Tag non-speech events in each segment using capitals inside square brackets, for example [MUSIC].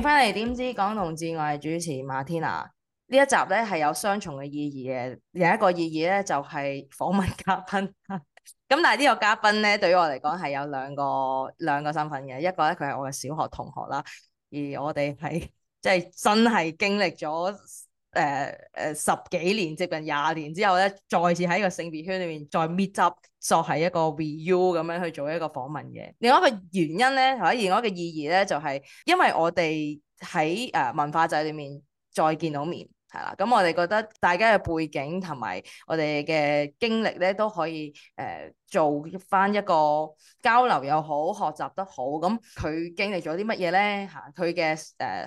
翻嚟點知港同志，我係主持馬天娜。呢一集咧係有雙重嘅意義嘅，有一個意義咧就係、是、訪問嘉賓，咁 [LAUGHS] 但係呢個嘉賓咧對於我嚟講係有兩個兩個身份嘅，一個咧佢係我嘅小學同學啦，而我哋係即係真係經歷咗。誒誒、呃，十幾年、接近廿年之後咧，再次喺一個性別圈裏面再 meet up，作為一個 review 咁樣去做一個訪問嘅。另外一個原因咧，同埋另外一個意義咧，就係、是、因為我哋喺誒文化界裏面再見到面，係啦。咁我哋覺得大家嘅背景同埋我哋嘅經歷咧，都可以誒、呃、做翻一個交流，又好，學習得好。咁佢經歷咗啲乜嘢咧？吓，佢嘅誒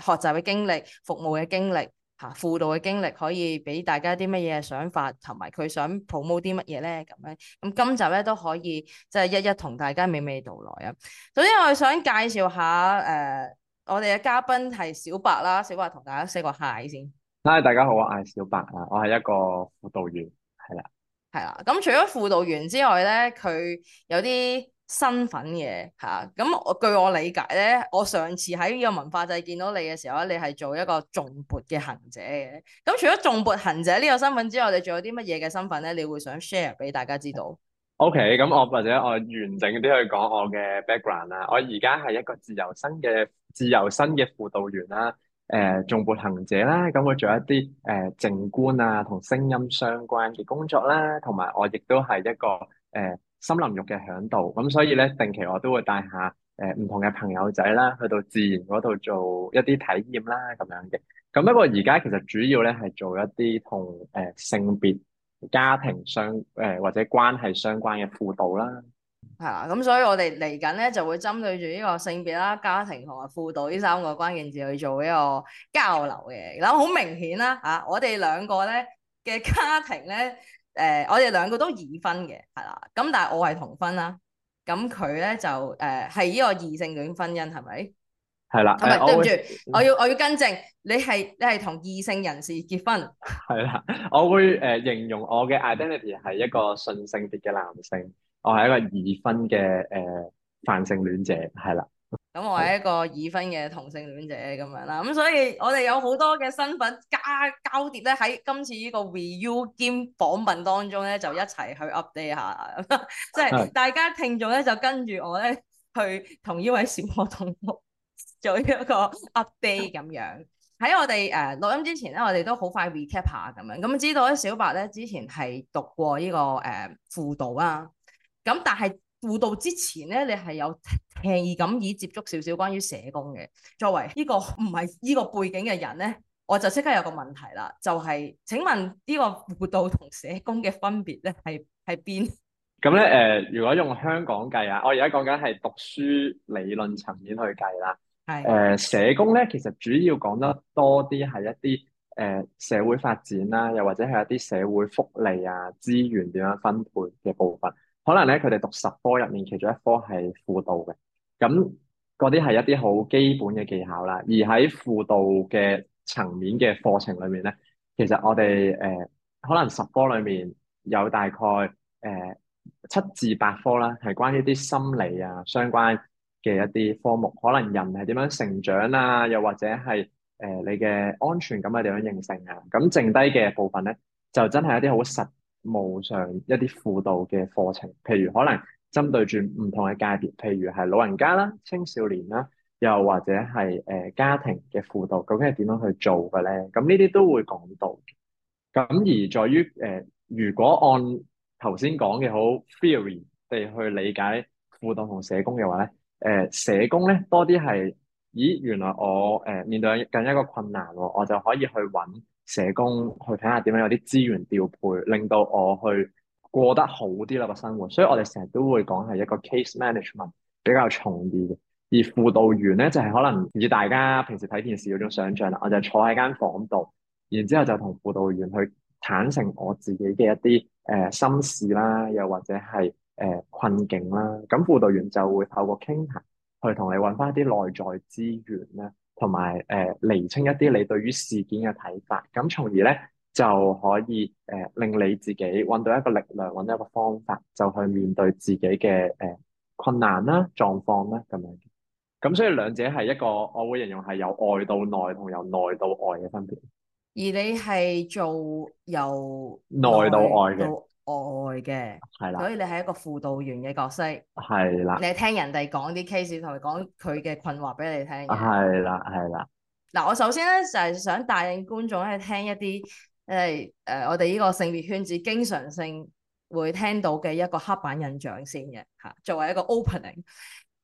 學習嘅經歷，服務嘅經歷。嚇，輔導嘅經歷可以俾大家啲乜嘢想法，同埋佢想 promote 啲乜嘢咧？咁樣，咁今集咧都可以即係、就是、一一同大家娓娓道來啊。總之我係想介紹下誒、呃、我哋嘅嘉賓係小白啦，小白同大家 say 個 h 先。h 大家好啊，我係小白啊，我係一個輔導員，係啦，係啦。咁除咗輔導員之外咧，佢有啲身份嘅嚇，咁、啊、我據我理解咧，我上次喺呢個文化祭見到你嘅時候咧，你係做一個頌缽嘅行者嘅。咁除咗頌缽行者呢個身份之外，你仲有啲乜嘢嘅身份咧？你會想 share 俾大家知道？OK，咁我或者我完整啲去講我嘅 background 啦。我而家係一個自由身嘅自由身嘅輔導員啦、啊，誒頌缽行者啦、啊。咁我做一啲誒、呃、靜觀啊同聲音相關嘅工作啦、啊，同埋我亦都係一個誒、呃森林浴嘅響度，咁所以咧定期我都會帶下誒、呃、唔同嘅朋友仔啦，去到自然嗰度做一啲體驗啦咁樣嘅。咁不過而家其實主要咧係做一啲同誒性別、家庭相誒、呃、或者關係相關嘅輔導啦。係啦，咁所以我哋嚟緊咧就會針對住呢個性別啦、家庭同埋輔導呢三個關鍵字去做一個交流嘅。嗱，好明顯啦，啊，我哋兩個咧嘅家庭咧。誒、呃，我哋兩個都已婚嘅，係啦，咁但係我係同婚啦，咁佢咧就誒係呢個異性戀婚姻，係咪？係啦，同埋對唔住會，我要我要更正，你係你係同異性人士結婚？係啦，我會誒、呃、形容我嘅 identity 係一個順性別嘅男性，我係一個已婚嘅誒泛性戀者，係啦。咁我係一個已婚嘅同性戀者咁樣啦，咁所以我哋有好多嘅身份加交疊咧，喺今次呢個 VU 兼訪問當中咧，就一齊去 update 下，即 [LAUGHS] 係大家聽眾咧就跟住我咧去同呢位小學同學做一個 update 咁樣。喺 [LAUGHS] 我哋誒錄音之前咧，我哋都好快 recap 下咁樣，咁知道咧小白咧之前係讀過呢、這個誒輔、呃、導啊，咁但係。輔導之前咧，你係有輕易咁以接觸少少關於社工嘅。作為呢、呢個唔係呢個背景嘅人咧，我就即刻有個問題啦，就係、係、請問呢個輔導同社工嘅分別咧係喺邊？咁咧誒，如果用香港計啊，我而家講緊係讀書理論層面去計啦。係誒的、呃，社工咧其實主要講得多啲係一啲誒、呃、社會發展啦，又或者係一啲社會福利啊、資源點樣分配嘅部分。可能咧，佢哋讀十科入面，其中一科係輔導嘅，咁嗰啲係一啲好基本嘅技巧啦。而喺輔導嘅層面嘅課程裏面咧，其實我哋誒、呃、可能十科裏面有大概誒、呃、七至八科啦，係關於啲心理啊、相關嘅一啲科目。可能人係點樣成長啊，又或者係誒、呃、你嘅安全感係點樣形成啊。咁剩低嘅部分咧，就真係一啲好實。冇上一啲輔導嘅課程，譬如可能針對住唔同嘅界別，譬如係老人家啦、青少年啦，又或者係誒、呃、家庭嘅輔導，究竟係點樣去做嘅咧？咁呢啲都會講到。咁而在於誒、呃，如果按頭先講嘅好 theory 地去理解輔導同社工嘅話咧，誒、呃、社工咧多啲係，咦原來我誒面對緊一個困難，哦，我就可以去揾社工去睇下點樣有啲資源調配，令到我去過得好啲啦個生活。所以我哋成日都會講係一個 case management 比較重啲嘅，而輔導員咧就係、是、可能以大家平時睇電視嗰種想像啦，我就坐喺間房度，然之後就同輔導員去坦誠我自己嘅一啲誒、呃、心事啦，又或者係誒、呃、困境啦。咁輔導員就會透過傾談，談去同你揾翻一啲內在資源咧。同埋誒釐清一啲你對於事件嘅睇法，咁從而咧就可以誒、呃、令你自己搵到一個力量，搵到一個方法，就去面對自己嘅誒、呃、困難啦、啊、狀況啦、啊、咁樣。咁所以兩者係一個，我會形容係由外到內同由內到外嘅分別。而你係做由內,內到外嘅。外嘅係啦，的所以你係一個輔導員嘅角色係啦，的你，聽你聽人哋講啲 case，同佢講佢嘅困惑俾你聽係啦係啦。嗱，我首先咧就係、是、想帶領觀眾咧聽一啲誒誒，我哋呢個性別圈子經常性會聽到嘅一個刻板印象先嘅吓，作為一個 opening。誒、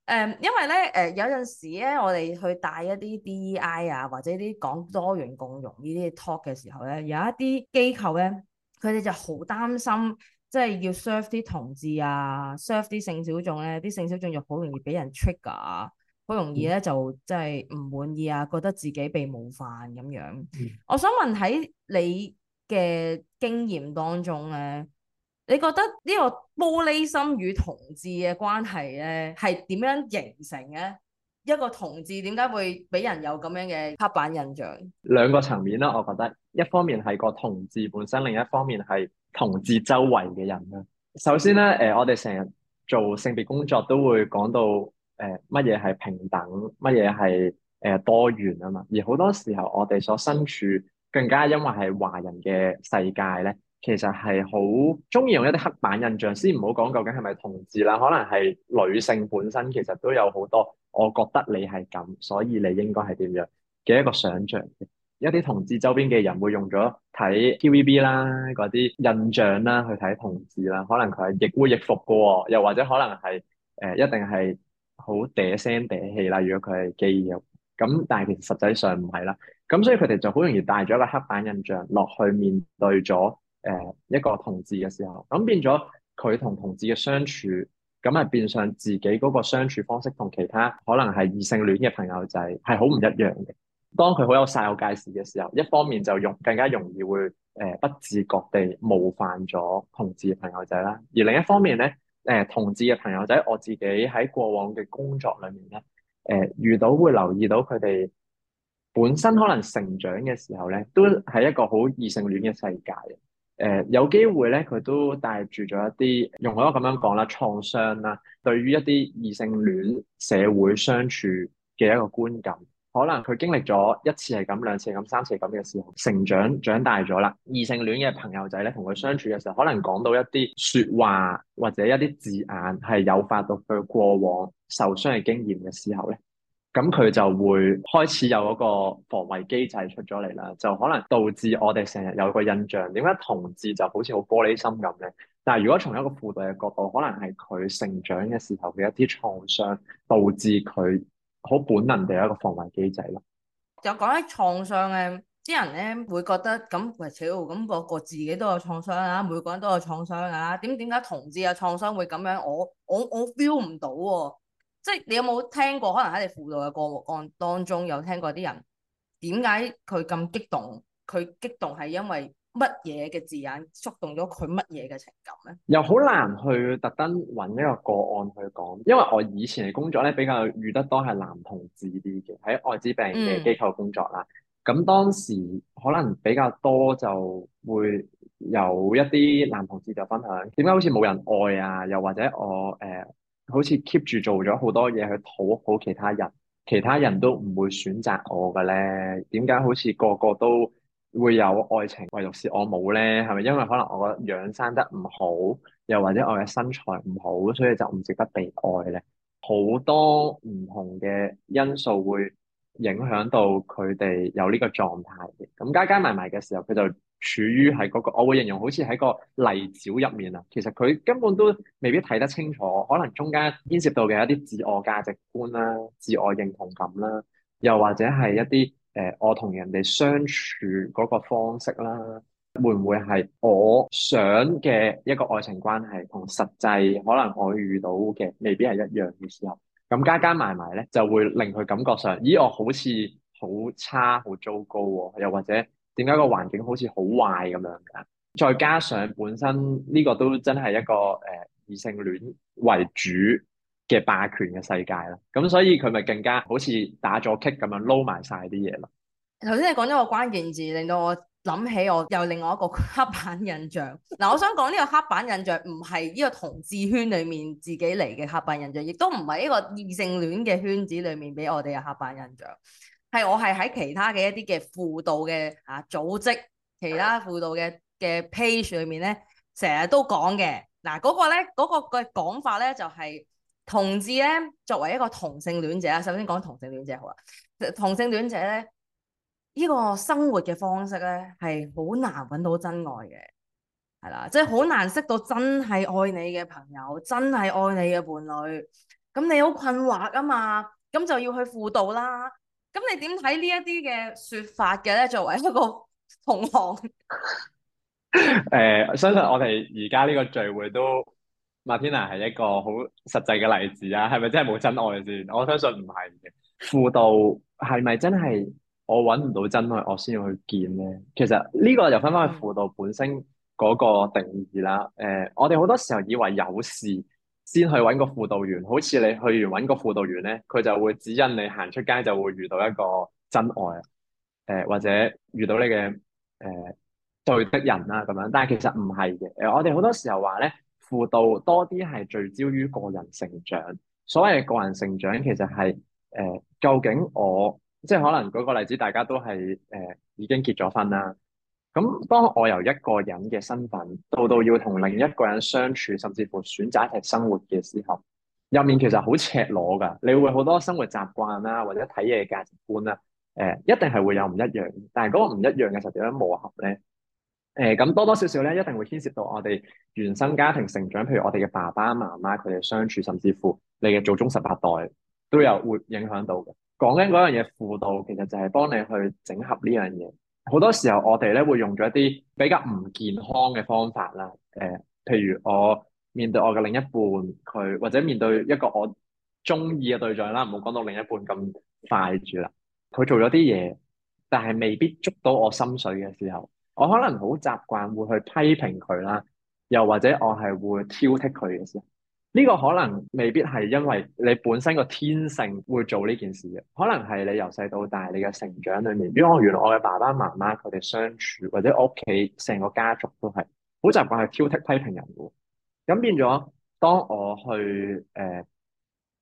嗯，因為咧誒、呃、有陣時咧，我哋去帶一啲 DEI 啊，或者啲講多元共融呢啲 talk 嘅時候咧，有一啲機構咧。佢哋就好擔心，即係要 serve 啲同志啊，serve 啲性小眾咧，啲性小眾就好容易俾人 trigger 啊，好容易咧就即係唔滿意啊，覺得自己被冒犯咁樣。嗯、我想問喺你嘅經驗當中咧，你覺得呢個玻璃心與同志嘅關係咧係點樣形成咧？一個同志點解會俾人有咁樣嘅刻板印象？兩個層面啦，我覺得一方面係個同志本身，另一方面係同志周圍嘅人啦。首先咧，誒、嗯呃、我哋成日做性別工作都會講到誒乜嘢係平等，乜嘢係誒多元啊嘛。而好多時候，我哋所身處更加因為係華人嘅世界咧。其實係好中意用一啲刻板印象，先唔好講究竟係咪同志啦，可能係女性本身其實都有好多，我覺得你係咁，所以你應該係點樣嘅一個想象嘅。一啲同志周邊嘅人會用咗睇 TVB 啦，嗰啲印象啦去睇同志啦，可能佢係亦會亦服噶，又或者可能係誒、呃、一定係好嗲聲嗲氣啦，如果佢係 gay 咁但係其實實際上唔係啦，咁所以佢哋就好容易帶咗一個刻板印象落去面對咗，誒，一個同志嘅時候，咁變咗佢同同志嘅相處，咁啊變上自己嗰個相處方式，同其他可能係異性戀嘅朋友仔係好唔一樣嘅。當佢好有晒我介事嘅時候，一方面就用更加容易會誒不自覺地冒犯咗同志嘅朋友仔啦，而另一方面咧，誒同志嘅朋友仔，我自己喺過往嘅工作裏面咧，誒遇到會留意到佢哋本身可能成長嘅時候咧，都係一個好異性戀嘅世界。誒、呃，有機會咧，佢都帶住咗一啲，用我都咁樣講啦，創傷啦、啊，對於一啲異性戀社會相處嘅一個觀感，可能佢經歷咗一次係咁，兩次係咁，三次係咁嘅時候，成長長大咗啦，異性戀嘅朋友仔咧，同佢相處嘅時候，可能講到一啲説話或者一啲字眼，係誘發到佢過往受傷嘅經驗嘅時候咧。咁佢就會開始有嗰個防衛機制出咗嚟啦，就可能導致我哋成日有個印象，點解同志就好似好玻璃心咁咧？但係如果從一個輔導嘅角度，可能係佢成長嘅時候嘅一啲創傷，導致佢好本能地有一個防衛機制啦。就講起創傷咧，啲人咧會覺得咁，喂，超咁個個自己都有創傷啊，每個人都有創傷噶啦，點點解同志嘅創傷會咁樣？我我我 feel 唔到喎、啊。即係你有冇聽過？可能喺你輔導嘅個案當中，有聽過啲人點解佢咁激動？佢激動係因為乜嘢嘅字眼觸動咗佢乜嘢嘅情感咧？又好難去特登揾一個個案去講，因為我以前嘅工作咧比較遇得多係男同志啲嘅，喺艾滋病嘅機構工作啦。咁、嗯、當時可能比較多就會有一啲男同志就分享，點解好似冇人愛啊？又或者我誒。呃好似 keep 住做咗好多嘢去討好其他人，其他人都唔會選擇我嘅咧。點解好似個個都會有愛情，唯獨是我冇咧？係咪因為可能我個樣生得唔好，又或者我嘅身材唔好，所以就唔值得被愛咧？好多唔同嘅因素會。影響到佢哋有呢個狀態嘅，咁加加埋埋嘅時候，佢就處於喺嗰、那個，我會形容好似喺個泥沼入面啊。其實佢根本都未必睇得清楚，可能中間牽涉到嘅一啲自我價值觀啦、自我認同感啦，又或者係一啲誒、呃，我同人哋相處嗰個方式啦，會唔會係我想嘅一個愛情關係，同實際可能我遇到嘅未必係一樣嘅時候。咁加加埋埋咧，就會令佢感覺上，咦，我好似好差、好糟糕喎，又或者點解個環境好似好壞咁樣嘅？再加上本身呢個都真係一個誒、呃、異性戀為主嘅霸權嘅世界啦，咁所以佢咪更加好似打咗棘咁樣撈埋晒啲嘢咯。頭先你講咗個關鍵字，令到我，諗起我有另外一個刻板印象嗱，我想講呢個刻板印象唔係呢個同志圈裡面自己嚟嘅刻板印象，亦都唔係呢個異性戀嘅圈子裡面俾我哋嘅刻板印象，係我係喺其他嘅一啲嘅輔導嘅啊組織，其他輔導嘅嘅 page 裏面咧，成日都講嘅嗱，嗰個咧，嗰個嘅講法咧，就係同志咧，作為一個同性戀者，首先講同性戀者好啊，同性戀者咧。呢個生活嘅方式咧，係好難揾到真愛嘅，係啦，即係好難識到真係愛你嘅朋友，真係愛你嘅伴侶。咁你好困惑啊嘛，咁就要去輔導啦。咁你點睇呢一啲嘅説法嘅咧？作為一個同行，誒、 [LAUGHS] 呃，相信我哋而家呢個聚會都，馬天娜係一個好實際嘅例子啊。係咪真係冇真愛先？我相信唔係。輔導係咪真係？我揾唔到真愛，我先要去見咧。其實呢個就分翻去輔導本身嗰個定義啦。誒、呃，我哋好多時候以為有事先去揾個輔導員，好似你去完揾個輔導員咧，佢就會指引你行出街就會遇到一個真愛，誒、呃、或者遇到你嘅誒對的人啦、啊、咁樣。但係其實唔係嘅。誒、呃，我哋好多時候話咧，輔導多啲係聚焦於個人成長。所謂個人成長，其實係誒、呃、究竟我。即係可能舉個例子，大家都係誒、呃、已經結咗婚啦。咁當我由一個人嘅身份到到要同另一個人相處，甚至乎選擇一齊生活嘅時候，入面其實好赤裸㗎。你會好多生活習慣啦，或者睇嘢嘅價值觀啦，誒、呃、一定係會有唔一樣。但係嗰個唔一樣嘅時候點樣磨合咧？誒、呃、咁多多少少咧，一定會牽涉到我哋原生家庭成長，譬如我哋嘅爸爸媽媽佢哋相處，甚至乎你嘅祖宗十八代都有會影響到嘅。講緊嗰樣嘢輔導，其實就係幫你去整合呢樣嘢。好多時候我哋咧會用咗一啲比較唔健康嘅方法啦。誒、呃，譬如我面對我嘅另一半，佢或者面對一個我中意嘅對象啦，唔好講到另一半咁快住啦。佢做咗啲嘢，但係未必捉到我心水嘅時候，我可能好習慣會去批評佢啦，又或者我係會挑剔佢嘅時候。呢個可能未必係因為你本身個天性會做呢件事嘅，可能係你由細到大你嘅成長裏面，因為我原來我嘅爸爸媽媽佢哋相處或者屋企成個家族都係好習慣係挑剔批評人嘅，咁變咗當我去誒、呃、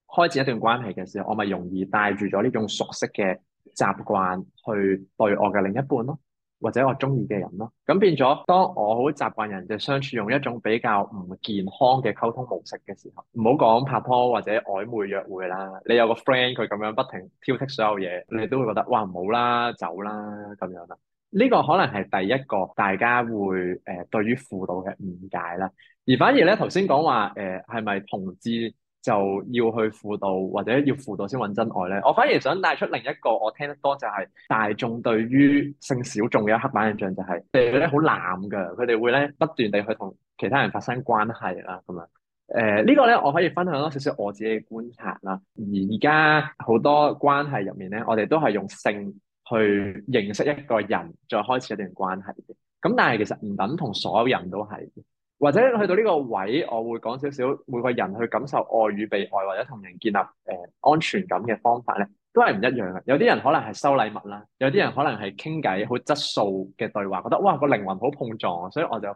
開展一段關係嘅時候，我咪容易帶住咗呢種熟悉嘅習慣去對我嘅另一半咯。或者我中意嘅人咯，咁變咗，當我好習慣人哋相處用一種比較唔健康嘅溝通模式嘅時候，唔好講拍拖或者曖昧約會啦，你有個 friend 佢咁樣不停挑剔所有嘢，你都會覺得哇唔好啦，走啦咁樣啦，呢、這個可能係第一個大家會誒、呃、對於輔導嘅誤解啦，而反而咧頭先講話誒係咪同志？就要去輔導或者要輔導先揾真愛咧，我反而想帶出另一個我聽得多就係、是、大眾對於性小眾嘅刻板印象就係佢哋咧好濫㗎，佢哋會咧不斷地去同其他人發生關係啦咁樣。誒、呃這個、呢個咧我可以分享多少少我自己嘅觀察啦。而家好多關係入面咧，我哋都係用性去認識一個人再開始一段關係嘅，咁但係其實唔等同所有人都係。或者去到呢個位，我會講少少，每個人去感受愛與被愛，或者同人建立誒、呃、安全感嘅方法咧，都係唔一樣嘅。有啲人可能係收禮物啦，有啲人可能係傾偈，好質素嘅對話，覺得哇、個靈魂好碰撞，所以我就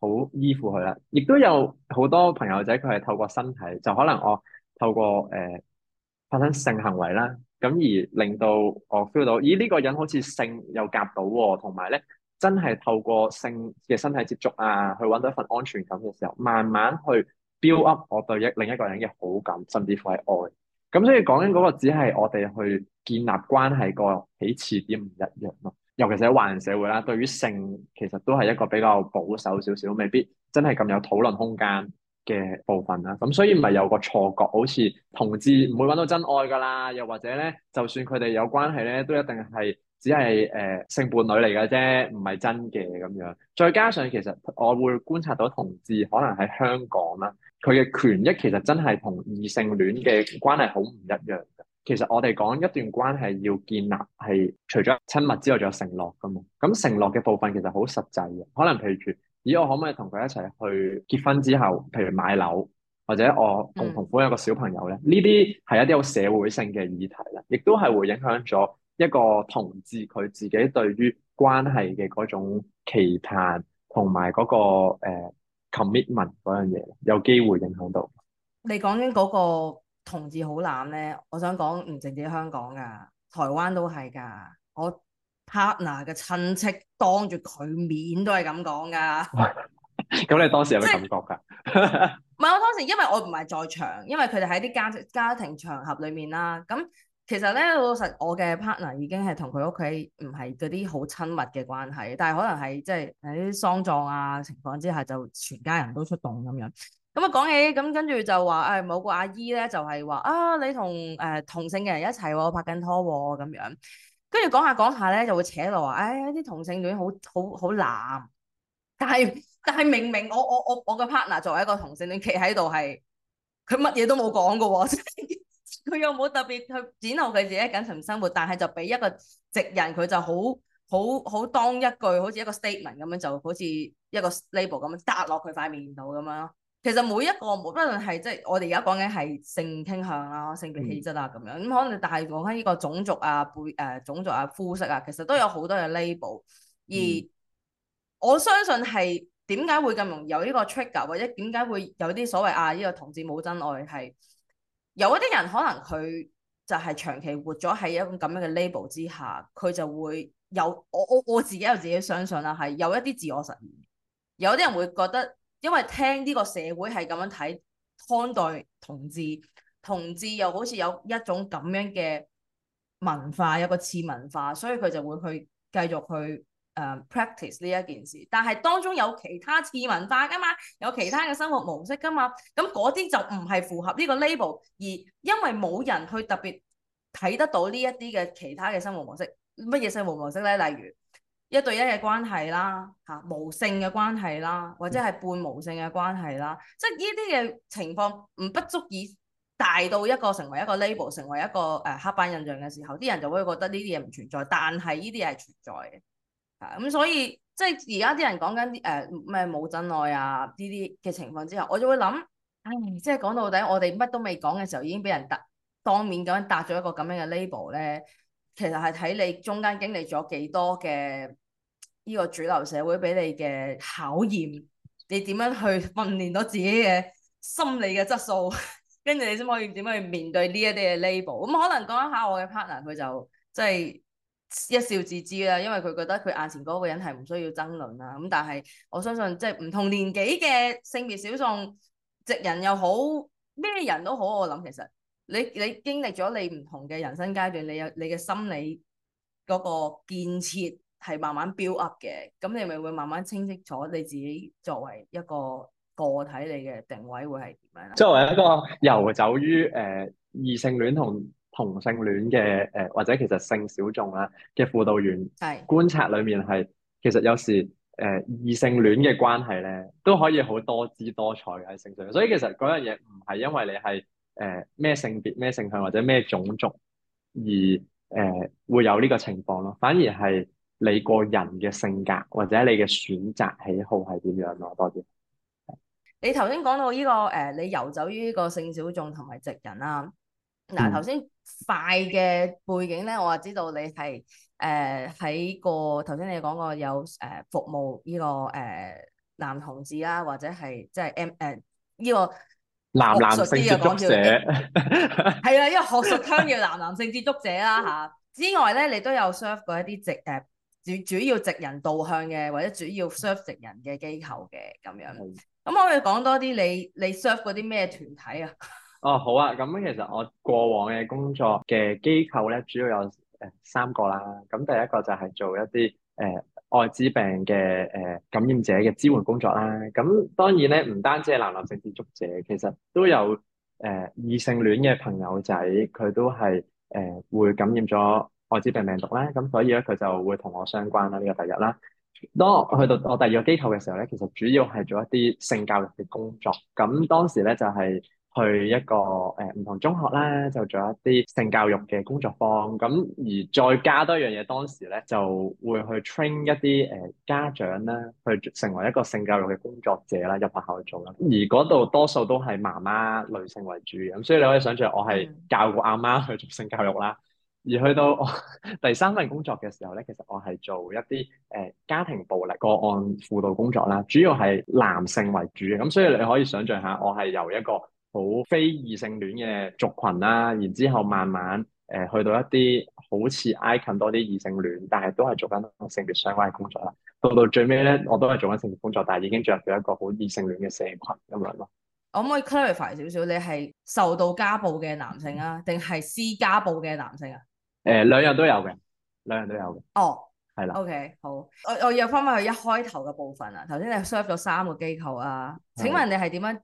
好依附佢啦。亦都有好多朋友仔，佢係透過身體，就可能我、哦、透過誒、呃、發生性行為啦，咁而令到我 feel 到，咦呢、呢個人好似性又夾到喎、啊，同埋咧。真係透過性嘅身體接觸啊，去揾到一份安全感嘅時候，慢慢去 build up 我對一另一個人嘅好感，甚至乎係愛。咁所以講緊嗰個，只係我哋去建立關係個起始點唔一樣咯。尤其是喺華人社會啦，對於性其實都係一個比較保守少少，未必真係咁有討論空間嘅部分啦。咁所以唔係有個錯覺，好似同志唔會揾到真愛㗎啦。又或者咧，就算佢哋有關係咧，都一定係。只係誒、呃、性伴侶嚟嘅啫，唔係真嘅咁樣。再加上其實我會觀察到同志可能喺香港啦，佢嘅權益其實真係同異性戀嘅關係好唔一樣嘅。其實我哋講一段關係要建立係除咗親密之外，仲有承諾㗎嘛。咁承諾嘅部分其實好實際嘅，可能譬如咦，我可唔可以同佢一齊去結婚之後，譬如買樓或者我共同撫養個小朋友咧？呢啲係一啲好社會性嘅議題啦，亦都係會影響咗。一個同志佢自己對於關係嘅嗰種期盼同埋嗰個、呃、commitment 嗰樣嘢，有機會影響到。你講緊嗰個同志好濫咧，我想講唔淨止香港㗎，台灣都係㗎。我 partner 嘅親戚當住佢面都係咁講㗎。咁 [LAUGHS] [LAUGHS] 你當時有咩感覺㗎？唔係、就係、 [LAUGHS] 我當時，因為我唔係在場，因為佢哋喺啲家家庭場合裡面啦，咁。其實咧，老實我嘅 partner 已經係同佢屋企唔係嗰啲好親密嘅關係，但係可能係即係喺喪葬啊情況之下，就全家人都出動咁樣。咁啊講起咁，跟住就話誒某個阿姨咧就係、是、話啊，你同誒、呃、同性嘅人一齊喎，拍緊拖喎、啊、咁樣。跟住講下講下咧，就會扯到話誒啲同性戀好好好難，但係但係明明我我我我嘅 partner 作為一個同性戀企喺度係，佢乜嘢都冇講過喎。 [LAUGHS] 佢又冇特別去展露佢自己嘅感情生活，但係就俾一個直人佢就好好好當一句，好似一個 statement 咁樣，就好似一個 label 咁樣嗒落佢塊面度咁樣。其實每一個，無論係即係我哋而家講緊係性傾向啊、性嘅氣質啊咁樣，咁可能但係講翻呢個種族啊、背誒、呃、種族啊、膚色啊，其實都有好多嘅 label。而我相信係點解會咁容易有呢個 trigger，或者點解會有啲所謂啊呢個同志冇真愛係？有一啲人可能佢就係長期活咗喺一種咁樣嘅 label 之下，佢就會有我我我自己有自己相信啦，係有一啲自我實現。有啲人會覺得，因為聽呢個社會係咁樣睇看，看待同志，同志又好似有一種咁樣嘅文化，有個次文化，所以佢就會去繼續去。誒、um, practice 呢一件事，但係當中有其他次文化噶嘛，有其他嘅生活模式噶嘛，咁嗰啲就唔係符合呢個 label，而因為冇人去特別睇得到呢一啲嘅其他嘅生活模式，乜嘢生活模式咧？例如一對一嘅關係啦，嚇無性嘅關係啦，或者係半無性嘅關係啦，嗯、即係呢啲嘅情況唔不足以大到一個成為一個 label，成為一個誒、呃、刻板印象嘅時候，啲人就會覺得呢啲嘢唔存在，但係呢啲嘢係存在嘅。咁、嗯，所以即係而家啲人講緊啲誒咩冇真愛啊呢啲嘅情況之後，我就會諗，唉、嗯，即係講到底，我哋乜都未講嘅時候，已經俾人搭當面咁樣搭咗一個咁樣嘅 label 咧，其實係睇你中間經歷咗幾多嘅呢個主流社會俾你嘅考驗，你點樣去訓練到自己嘅心理嘅質素，跟 [LAUGHS] 住你先可以點樣去面對呢一啲嘅 label。咁、嗯、可能講一下我嘅 partner，佢就即係。就是一笑置之啊，因為佢覺得佢眼前嗰個人係唔需要爭論啦。咁但係我相信即係唔同年紀嘅性別小眾，直人又好，咩人都好，我諗其實你你經歷咗你唔同嘅人生階段，你有你嘅心理嗰個建設係慢慢 build up 嘅，咁你咪會慢慢清晰咗你自己作為一個個體你嘅定位會係點樣？作為一個遊走於誒異性戀同。同性戀嘅誒、呃，或者其實性小眾啦嘅輔導員是觀察裏面係其實有時誒異、呃、性戀嘅關係咧都可以好多姿多彩嘅喺性上，所以其實嗰樣嘢唔係因為你係誒咩性別、咩性向或者咩種族而誒、呃、會有呢個情況咯，反而係你個人嘅性格或者你嘅選擇喜好係點樣咯多啲、這個呃。你頭先講到呢個誒，你遊走於呢個性小眾同埋直人啦，嗱頭先。快嘅背景咧，我就知道你係誒喺個頭先你講過有誒服務呢個誒、呃、男同志啦、啊，或者係即係 M 誒呢個男男性嘅工作者，係啊，因為學術香嘅男男性接觸者啦吓。 [LAUGHS] [LAUGHS] 之外咧，你都有 serve 過一啲直誒主主要直人導向嘅，或者主要 serve 直人嘅機構嘅咁樣。咁是可唔可以講多啲你你 serve 嗰啲咩團體啊？哦，好啊！咁其實我過往嘅工作嘅機構咧，主要有誒三個啦。咁第一個就係做一啲誒艾滋病嘅誒、呃、感染者嘅支援工作啦。咁當然咧，唔單止係男男性接觸者，其實都有誒異、呃、性戀嘅朋友仔，佢都係誒、呃、會感染咗艾滋病病病毒啦。咁所以咧，佢就會同我相關啦。呢、這個第一啦，當去到我第二個機構嘅時候咧，其實主要係做一啲性教育嘅工作。咁當時咧就係、是。去一個誒唔同中學啦，就做一啲性教育嘅工作坊，咁而再加多一樣嘢，當時咧就會去 train 一啲誒家長啦，去成為一個性教育嘅工作者啦，入學校去做啦。而嗰度多數都係媽媽女性為主，咁所以你可以想像我係教過阿媽，媽去做性教育啦。而去到 [LAUGHS] 第三份工作嘅時候咧，其實我係做一啲誒家庭暴力個案輔導工作啦，主要係男性為主嘅，咁所以你可以想像下我係由一個好非異性戀嘅族群啦、啊，然之後慢慢誒、呃、去到一啲好似挨近多啲異性戀，但係都係做緊性別相關嘅工作啦。到到最尾咧，我都係做緊性別工作，但係已經進入咗一個好異性戀嘅社群咁樣咯。我可唔可以 clarify 少少？你係受到家暴嘅男性啊，定係施家暴嘅男性啊？誒、呃，兩樣都有嘅，兩樣都有嘅。哦、oh, 的，係啦。OK，好。我我又翻返去一開頭嘅部分啊。頭先你 serve 咗三個機構啊。好請問你係點樣？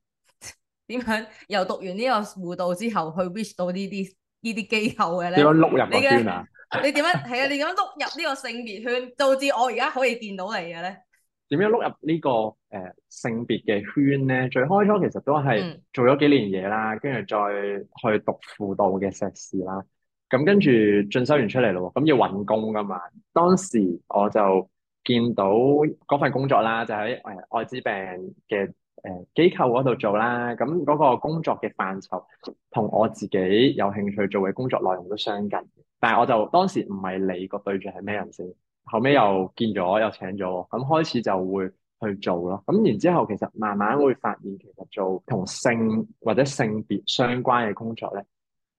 點樣由讀完呢個輔導之後去 reach 到呢啲呢啲機構嘅咧？點樣碌入個圈啊？你點樣係啊？你點樣碌入呢個性別圈，導致我而家可以見到你嘅咧？點樣碌入、這個呃、呢個誒性別嘅圈咧？最開初其實都係做咗幾年嘢啦，跟住再去讀輔導嘅碩士啦。咁跟住進修完出嚟咯，咁要揾工㗎嘛。當時我就見到嗰份工作啦，就喺誒、呃、愛滋病嘅，誒，機構嗰度做啦，咁嗰個工作嘅範疇同我自己有興趣做嘅工作內容都相近，但係我就當時唔係理個對象係咩人，先後尾又見咗，又請咗，咁開始就會去做咯，咁然之後其實慢慢會發現，其實做同性或者性別相關嘅工作咧，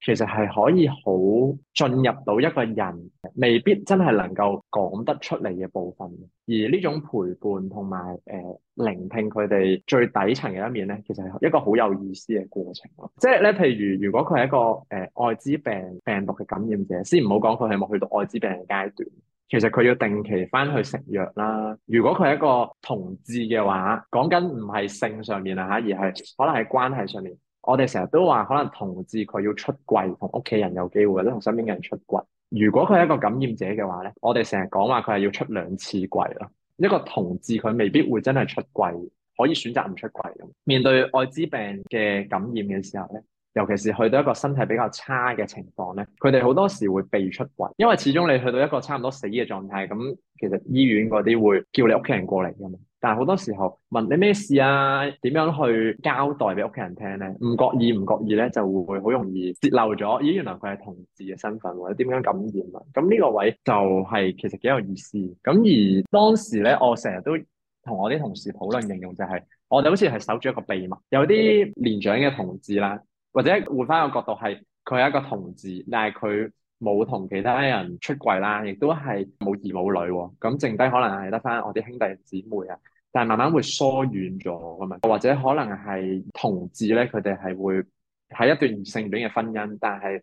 其實係可以好進入到一個人未必真係能夠講得出嚟嘅部分，而呢種陪伴同埋誒聆聽佢哋最底層嘅一面咧，其實係一個好有意思嘅過程咯。即係咧，譬如如果佢係一個誒愛滋病病毒嘅感染者，先唔好講佢係冇去到愛滋病階段，其實佢要定期翻去食藥啦。如果佢係一個同志嘅話，講緊唔係性上面啊吓，而係可能係關係上面。我哋成日都話，可能同志佢要出櫃，同屋企人有機會，或者同身邊嘅人出櫃。如果佢係一個感染者嘅話咧，我哋成日講話佢係要出兩次櫃咯。一個同志佢未必會真係出櫃，可以選擇唔出櫃。面對艾滋病嘅感染嘅時候咧，尤其是去到一個身體比較差嘅情況咧，佢哋好多時會被出櫃，因為始終你去到一個差唔多死嘅狀態，咁其實醫院嗰啲會叫你屋企人過嚟噶嘛。但係好多時候問你咩事啊？點樣去交代俾屋企人聽咧？唔覺意唔覺意咧，就會好容易泄漏咗。咦？原來佢係同志嘅身份，或者點樣感染啊？咁呢個位就係其實幾有意思。咁而當時咧，我成日都同我啲同事討論形容就係、是、我哋好似係守住一個秘密。有啲年長嘅同志啦，或者換翻個角度係佢係一個同志，但係佢冇同其他人出櫃啦，亦都係冇兒冇女喎。咁剩低可能係得翻我啲兄弟姊妹啊。但係慢慢會疏遠咗㗎嘛，或者可能係同志咧，佢哋係會喺一段異性戀嘅婚姻，但係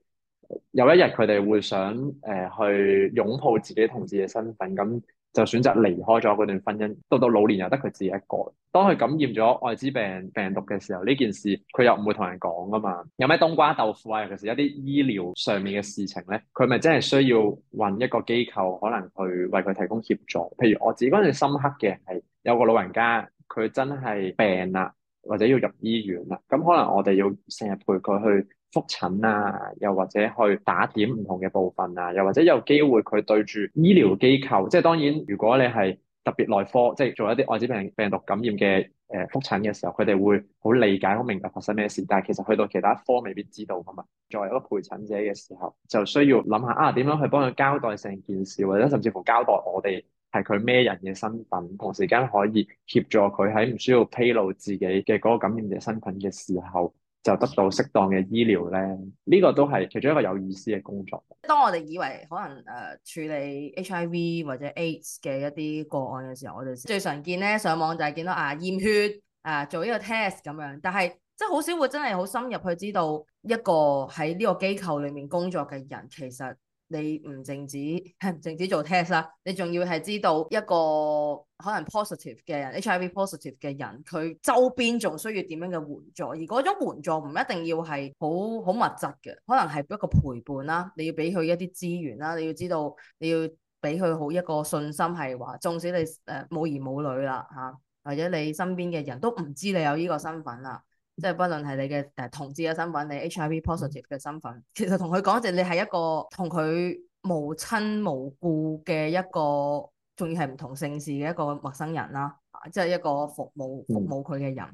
有一日佢哋會想誒、呃、去擁抱自己同志嘅身份咁。就選擇離開咗嗰段婚姻，到到老年又得佢自己一個。當佢感染咗艾滋病病毒嘅時候，呢件事佢又唔會同人講㗎嘛。有咩冬瓜豆腐啊，尤其是一啲醫療上面嘅事情咧，佢咪真係需要搵一個機構，可能去為佢提供協助。譬如我自己嗰陣深刻嘅係有個老人家，佢真係病啦，或者要入醫院啦，咁可能我哋要成日陪佢去。覆診啊，又或者去打點唔同嘅部分啊，又或者有機會佢對住醫療機構，即係當然，如果你係特別內科，即係做一啲愛滋病病毒感染嘅誒覆診嘅時候，佢哋會好理解好明白發生咩事，但係其實去到其他科未必知道噶嘛。作為一個陪診者嘅時候，就需要諗下啊，點樣去幫佢交代成件事，或者甚至乎交代我哋係佢咩人嘅身份，同時間可以協助佢喺唔需要披露自己嘅嗰個感染者身份嘅時候。就得到適當嘅醫療咧，呢、呢個都係其中一個有意思嘅工作。當我哋以為可能誒、呃、處理 HIV 或者 AIDS 嘅一啲個案嘅時候，我哋最常見咧，上網就係見到啊驗血啊做呢個 test 咁樣，但係即係好少會真係好深入去知道一個喺呢個機構裏面工作嘅人其實。你唔淨止，唔淨止做 test 啦，你仲要係知道一個可能 positive 嘅人，HIV positive 嘅人，佢周邊仲需要點樣嘅援助，而嗰種援助唔一定要係好好物質嘅，可能係一個陪伴啦，你要俾佢一啲資源啦，你要知道，你要俾佢好一個信心，係話，縱使你誒、呃、冇兒冇女啦，嚇、啊，或者你身邊嘅人都唔知你有呢個身份啦。即係，不論係你嘅同志嘅身份，你 HIV positive 嘅身份，嗯、其實同佢講就係你係一個同佢無親無故嘅一個，仲要係唔同姓氏嘅一個陌生人啦，啊、即係一個服務服務佢嘅人，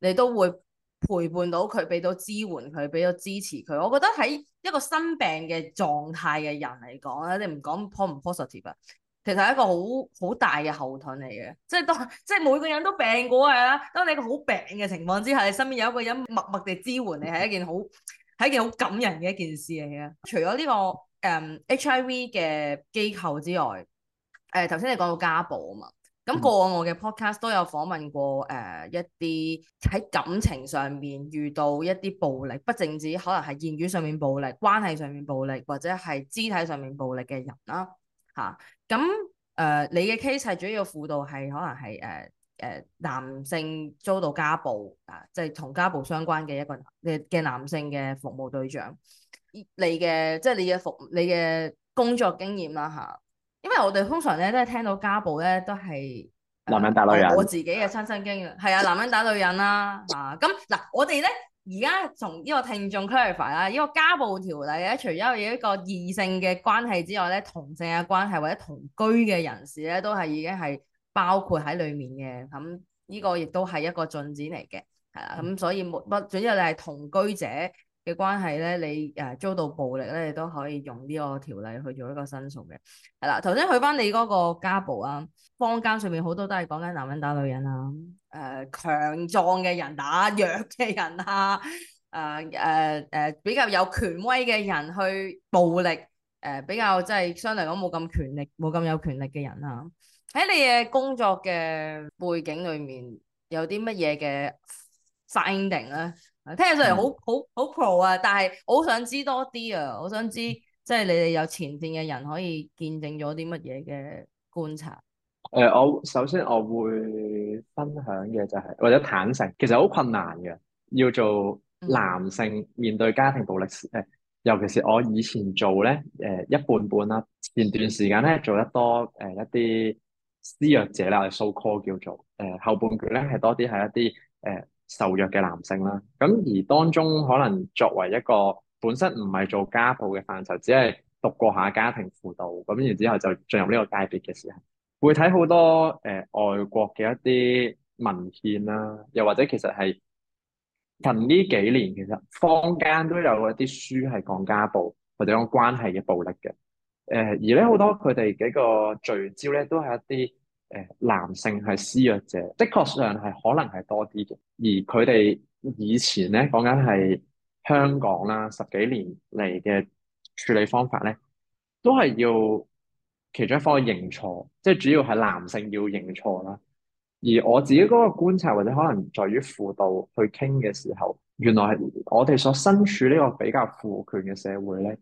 你都會陪伴到佢，俾到支援佢，俾到支持佢。我覺得喺一個生病嘅狀態嘅人嚟講咧，你唔講 positive 啊？其實係一個好好大嘅後盾嚟嘅，即係當即係每個人都病過啊，當你個好病嘅情況之下，你身邊有一個人默默地支援你，係一件好係一件好感人嘅一件事嚟嘅。除咗呢、這個誒、um, HIV 嘅機構之外，誒頭先你講到家暴啊嘛，咁、那、過、個、往我嘅 podcast 都有訪問過誒、呃、一啲喺感情上面遇到一啲暴力，不淨止可能係言語上面暴力、關係上面暴力，或者係肢體上面暴力嘅人啦、啊，嚇、啊。咁誒、呃，你嘅 case 主要輔導係可能係誒誒男性遭到家暴啊，即係同家暴相關嘅一個嘅嘅男性嘅服務對象。你嘅即係你嘅服，你嘅工作經驗啦嚇、啊，因為我哋通常咧都係聽到家暴咧都係、呃、男人打女人，我，我自己嘅親身經驗係啊，男人打女人啦啊，咁、啊、嗱、呃、我哋咧。而家從呢個聽眾 Clarify 啦，呢個家暴條例咧，除咗有一個異性嘅關係之外咧，同性嘅關係或者同居嘅人士咧，都係已經係包括喺裡面嘅。咁呢個亦都係一個進展嚟嘅，係啦。咁所以冇乜，總之、嗯、你係同居者。嘅關係咧，你誒、呃、遭到暴力咧，你都可以用呢個條例去做一個申訴嘅。係啦，頭先去返你嗰個家暴啊，坊間上面好多都係講緊男人打女人啊，誒、呃、強壯嘅人打弱嘅人啊，誒誒誒比較有權威嘅人去暴力，誒、呃、比較即、就、係、是、相對講冇咁權力、冇咁有權力嘅人啊。喺你嘅工作嘅背景裏面，有啲乜嘢嘅 finding 咧？聽起上嚟，好好好 pro 啊，但係我好想知多啲啊，我想知即係、就是、你哋有前綫嘅人可以見證咗啲乜嘢嘅觀察？誒、呃，我首先我會分享嘅就係、是、或者坦誠，其實好困難嘅，要做男性面對家庭暴力誒、嗯呃，尤其是我以前做咧誒、呃、一半半啦，前段時間咧做得多誒一啲施虐者啦，我哋 so call 叫做誒、呃、後半句咧係多啲係一啲誒。呃受虐嘅男性啦，咁而當中可能作為一個本身唔係做家暴嘅範疇，只係讀過下家庭輔導，咁然之後就進入呢個界別嘅時候，會睇好多誒、呃、外國嘅一啲文獻啦，又或者其實係近呢幾年其實坊間都有一啲書係講家暴或者講關係嘅暴力嘅，誒、呃、而咧好多佢哋幾個聚焦咧都係一啲。誒男性係施虐者，的確上係可能係多啲嘅。而佢哋以前咧，講緊係香港啦，十幾年嚟嘅處理方法咧，都係要其中一方認錯，即係主要係男性要認錯啦。而我自己嗰個觀察或者可能在於輔導去傾嘅時候，原來係我哋所身處呢個比較父權嘅社會咧。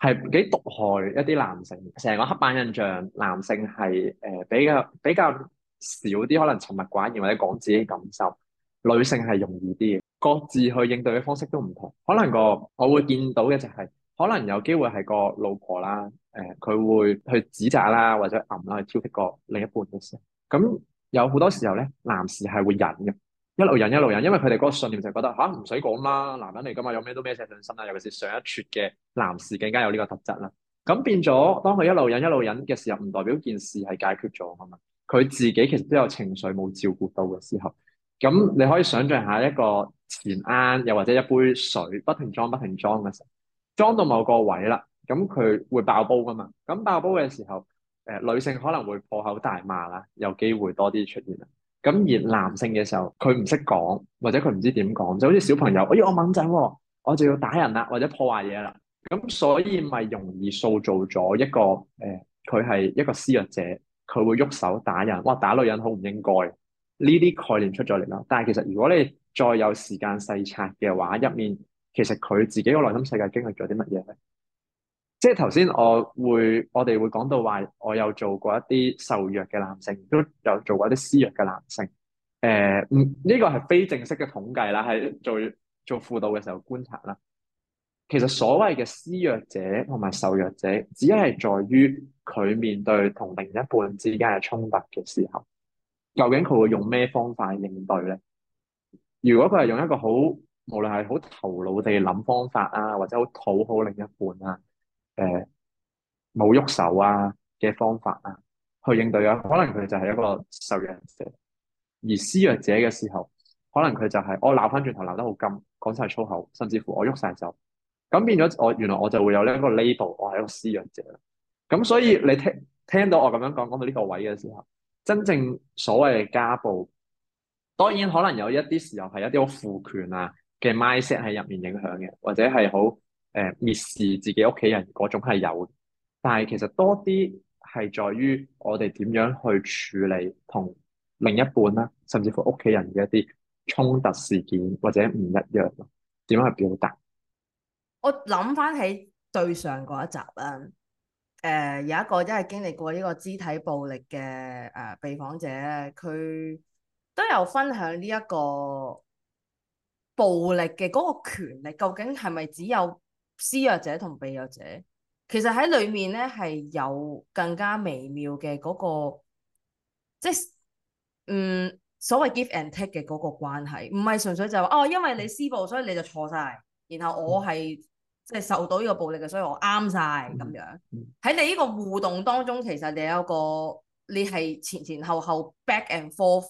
係幾毒害一啲男性，成個刻板印象，男性係誒、呃、比較比較少啲，可能沉默寡言或者講自己感受，女性係容易啲，各自去應對嘅方式都唔同。可能個我會見到嘅就係、是，可能有機會係個老婆啦，誒、呃、佢會去指責啦或者暗啦去挑剔個另一半嘅時候。咁有好多時候咧，男士係會忍嘅。一路忍一路忍，因為佢哋嗰個信念就係覺得吓唔使講啦，男人嚟噶嘛，有咩都咩聲上心啦，尤其是上一撮嘅男士更加有呢個特質啦。咁變咗，當佢一路忍一路忍嘅時候，唔代表件事係解決咗係嘛？佢自己其實都有情緒冇照顧到嘅時候，咁你可以想象下一個錢罌又或者一杯水不停裝不停裝嘅時候，裝到某個位啦，咁佢會爆煲噶嘛。咁爆煲嘅時候，誒、呃、女性可能會破口大罵啦，有機會多啲出現啊。咁而男性嘅時候，佢唔識講，或者佢唔知點講，就好似小朋友，哎呀我猛仔，我就要打人啦，或者破壞嘢啦。咁所以咪容易塑造咗一個，誒、呃，佢係一個施虐者，佢會喐手打人，哇打女人好唔應該，呢啲概念出咗嚟啦。但係其實如果你再有時間細察嘅話，入面其實佢自己個內心世界經歷咗啲乜嘢咧？即係頭先，我會我哋會講到話，我有做過一啲受虐嘅男性，都有做過一啲施虐嘅男性。誒、呃，呢、呢個係非正式嘅統計啦，係做做輔導嘅時候觀察啦。其實所謂嘅施虐者同埋受虐者，只係在於佢面對同另一半之間嘅衝突嘅時候，究竟佢會用咩方法去應對咧？如果佢係用一個好，無論係好頭腦地諗方法啊，或者好討好另一半啊。誒，冇喐、呃、手啊嘅方法啊，去應對啊，可能佢就係一個受虐者，而施虐者嘅時候，可能佢就係、是、我鬧翻轉頭鬧得好金，講晒粗口，甚至乎我喐晒手，咁變咗我原來我就會有呢一個 label，我係一個施虐者，咁所以你聽聽到我咁樣講講到呢個位嘅時候，真正所謂嘅家暴，當然可能有一啲時候係一啲好父權啊嘅 mindset 喺入面影響嘅，或者係好。誒、呃，蔑視自己屋企人嗰種係有，但係其實多啲係在於我哋點樣去處理同另一半啦，甚至乎屋企人嘅一啲衝突事件或者唔一樣咯，點樣去表達？我諗翻起對上嗰一集啦，啊、誒、呃，有一個真係經歷過呢個肢體暴力嘅誒被訪者，佢都有分享呢一個暴力嘅嗰個權力究竟係咪只有？施虐者同被虐者，其實喺裏面咧係有更加微妙嘅嗰個，即係嗯所謂 give and take 嘅嗰個關係，唔係純粹就係、哦，因為你施暴所以你就錯晒，然後我係即係受到呢個暴力嘅，所以我啱晒。咁樣。喺、嗯、你呢個互動當中，其實你有個你係前前後後 back and forth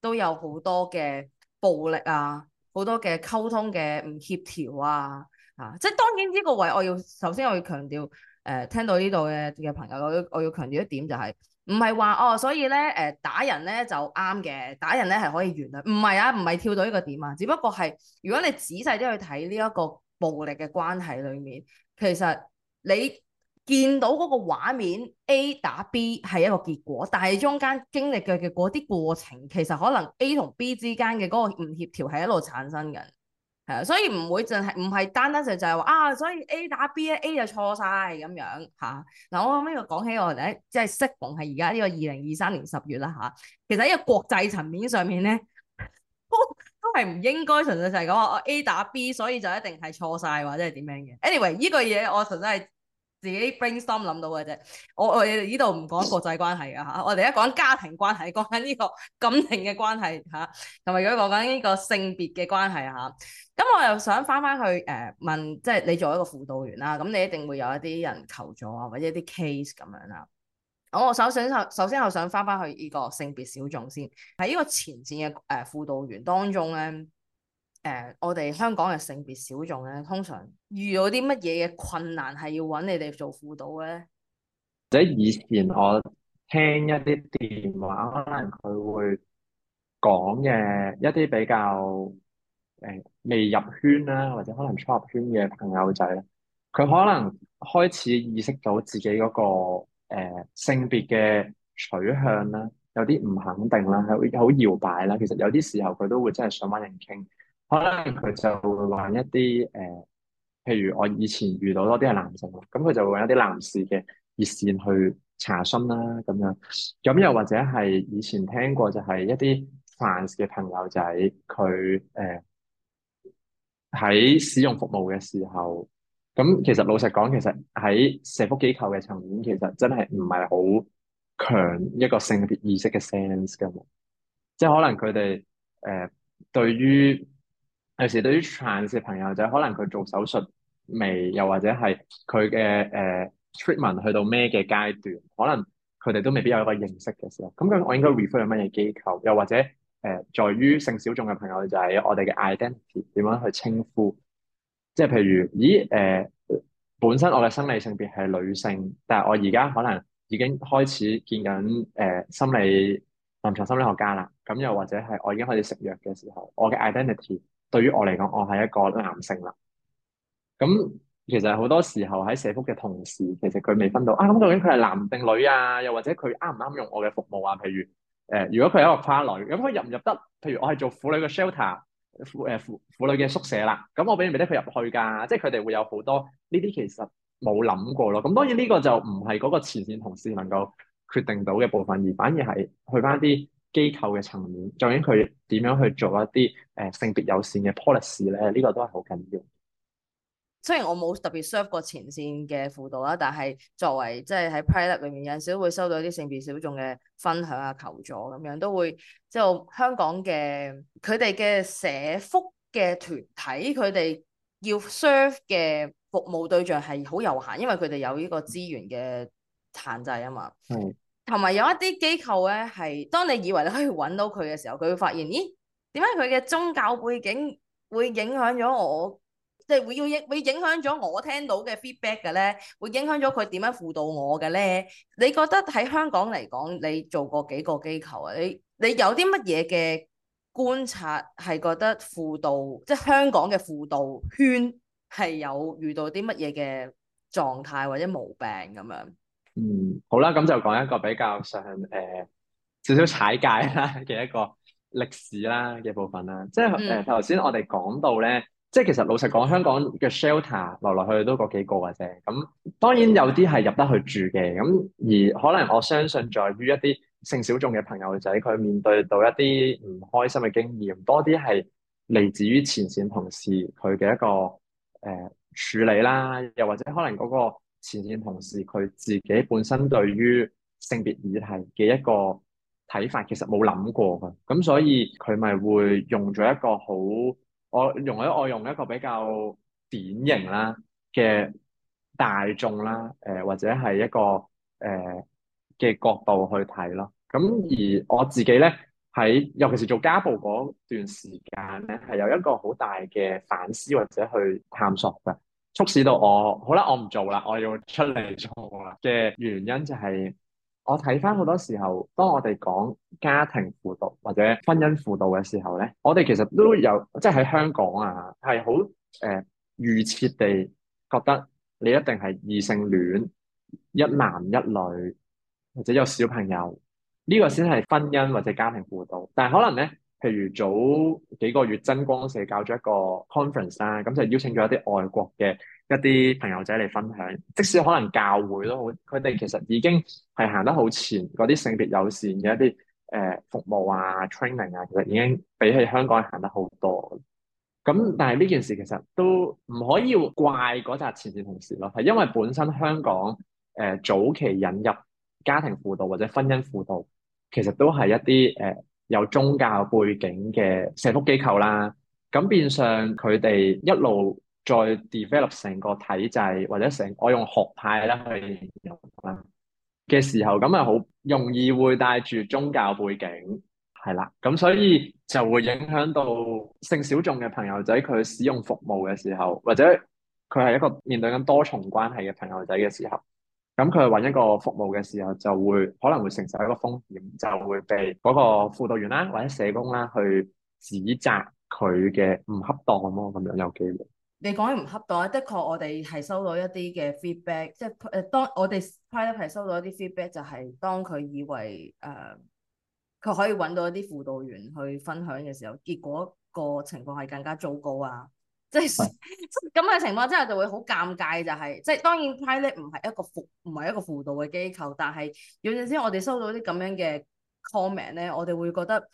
都有好多嘅暴力啊，好多嘅溝通嘅唔協調啊。啊！即係當然呢個位，我要首先我要強調，誒、呃、聽到呢度嘅嘅朋友，我要我要強調一點就係、是，唔係話哦，所以咧誒打人咧就啱嘅，打人咧係可以原諒，唔係啊，唔係跳到呢個點啊，只不過係如果你仔細啲去睇呢一個暴力嘅關係裡面，其實你見到嗰個畫面 A 打 B 係一個結果，但係中間經歷嘅嘅嗰啲過程，其實可能 A 同 B 之間嘅嗰個唔協調係一路產生緊。係啊， [MUSIC] 所以唔會淨係唔係單單就就係話啊，所以 A 打 B 咧 A 就錯晒咁樣吓。嗱、啊，我諗呢又講起我哋即係適逢係而家呢個二零二三年十月啦吓、啊。其實呢個國際層面上面咧，都都係唔應該純粹就係講我 A 打 B，所以就一定係錯晒或者係點樣嘅。Anyway，呢個嘢我純粹係。自己 brainstorm 諗到嘅啫，我我呢度唔講國際關係啊吓，我哋一講家庭關係，講緊呢個感情嘅關係吓，同埋如果講緊呢個性別嘅關係吓，咁我又想翻翻去誒問，即係你做一個輔導員啦，咁你一定會有一啲人求助啊，或者一啲 case 咁樣啦。我首先首先我想翻翻去呢個性別小眾先，喺呢個前線嘅誒輔導員當中咧。誒，uh, 我哋香港嘅性別小眾咧，通常遇到啲乜嘢嘅困難，係要揾你哋做輔導咧。喺以前，我聽一啲電話，可能佢會講嘅一啲比較誒、呃、未入圈啦、啊，或者可能初入圈嘅朋友仔，佢可能開始意識到自己嗰、嗰個、呃、性別嘅取向啦、啊，有啲唔肯定啦、啊，好好搖擺啦、啊。其實有啲時候佢都會真係想揾人傾。可能佢就會揾一啲誒、呃，譬如我以前遇到多啲係男性，咁佢就會揾一啲男士嘅熱線去查詢啦，咁樣，咁又或者係以前聽過就係一啲 f 事嘅朋友仔，佢誒喺使用服務嘅時候，咁其實老實講，其實喺社福機構嘅層面，其實真係唔係好強一個性別意識嘅 sense 嘅，即係可能佢哋誒對於。有時對於 trans 嘅朋友就可能佢做手術未，又或者係佢嘅誒 treatment 去到咩嘅階段，可能佢哋都未必有一個認識嘅時候。咁咁我應該 refer 乜嘢機構，又或者誒、呃、在於性小眾嘅朋友就係我哋嘅 identity 點樣去稱呼，即係譬如咦誒、呃，本身我嘅生理性別係女性，但係我而家可能已經開始見緊誒、呃、心理臨床心理學家啦。咁又或者係我已經開始食藥嘅時候，我嘅 identity。對於我嚟講，我係一個男性啦。咁其實好多時候喺社福嘅同事，其實佢未分到啊。咁究竟佢係男定女啊？又或者佢啱唔啱用我嘅服務啊？譬如誒、呃，如果佢係一個跨女，咁佢入唔入得？譬如我係做婦女嘅 shelter，婦誒、呃、婦婦女嘅宿舍啦。咁我俾唔俾得佢入去㗎？即係佢哋會有好多呢啲，其實冇諗過咯。咁當然呢個就唔係嗰個前線同事能夠決定到嘅部分，而反而係去翻啲機構嘅層面，究竟佢點樣去做一啲誒、呃、性別友善嘅 policy 咧？呢、呢個都係好緊要。雖然我冇特別 serve 過前線嘅輔導啦，但係作為即係喺 private 裏面有時會收到啲性別小眾嘅分享啊、求助咁樣，都會即係香港嘅佢哋嘅社福嘅團體，佢哋要 serve 嘅服務對象係好有限，因為佢哋有呢個資源嘅限制啊嘛。係。同埋有一啲機構咧，係當你以為你可以揾到佢嘅時候，佢會發現，咦，點解佢嘅宗教背景會影響咗我？即係會要影會影響咗我聽到嘅 feedback 嘅咧，會影響咗佢點樣輔導我嘅咧？你覺得喺香港嚟講，你做過幾個機構啊？你你有啲乜嘢嘅觀察係覺得輔導即係香港嘅輔導圈係有遇到啲乜嘢嘅狀態或者毛病咁樣？嗯，好啦，咁就講一個比較上誒、呃，少少踩界啦嘅一個歷史啦嘅部分啦，即係誒頭先我哋講到咧，即係其實老實講，香港嘅 shelter 來來去去都嗰幾個嘅啫。咁、嗯、當然有啲係入得去住嘅，咁、嗯、而可能我相信在於一啲性小眾嘅朋友仔，佢面對到一啲唔開心嘅經驗，多啲係嚟自於前線同事佢嘅一個誒、呃、處理啦，又或者可能嗰、那個。前線同事佢自己本身對於性別議題嘅一個睇法，其實冇諗過嘅，咁所以佢咪會用咗一個好，我用咧我用一個比較典型啦嘅大眾啦，誒、呃、或者係一個誒嘅、呃、角度去睇咯。咁而我自己咧喺尤其是做家暴嗰段時間咧，係有一個好大嘅反思或者去探索嘅。促使到我好啦，我唔做啦，我要出嚟做啦嘅原因就係我睇翻好多時候，當我哋講家庭輔導或者婚姻輔導嘅時候咧，我哋其實都有即係喺香港啊，係好誒預設地覺得你一定係異性戀，一男一女或者有小朋友呢個先係婚姻或者家庭輔導，但係可能咧。譬如早幾個月，增光社搞咗一個 conference 啦，咁就邀請咗一啲外國嘅一啲朋友仔嚟分享。即使可能教會都好，佢哋其實已經係行得好前，嗰啲性別友善嘅一啲誒、呃、服務啊、training 啊，其實已經比起香港行得好多。咁但係呢件事其實都唔可以怪嗰紮前線同事咯，係因為本身香港誒、呃、早期引入家庭輔導或者婚姻輔導，其實都係一啲誒、呃有宗教背景嘅社福機構啦，咁變相佢哋一路再 develop 成個體制或者成，我用學派去形容啦去講啦嘅時候，咁咪好容易會帶住宗教背景係啦，咁所以就會影響到性小眾嘅朋友仔佢使用服務嘅時候，或者佢係一個面對緊多重關係嘅朋友仔嘅時候。咁佢揾一個服務嘅時候，就會可能會承受一個風險，就會被嗰個輔導員啦、啊、或者社工啦、啊、去指責佢嘅唔恰當咯、啊，咁樣有機會。你講緊唔恰當、啊，的確我哋係收到一啲嘅 feedback，即係誒，當我哋 PrideLab 係收到一啲 feedback，就係當佢以為誒佢、呃、可以揾到一啲輔導員去分享嘅時候，結果個情況係更加糟糕啊！即係咁嘅情況之下就會好尷尬，就是，就係即係當然 pilot 唔係一個輔唔係一個輔導嘅機構，但係有陣時我哋收到啲咁樣嘅 comment 咧，我哋會覺得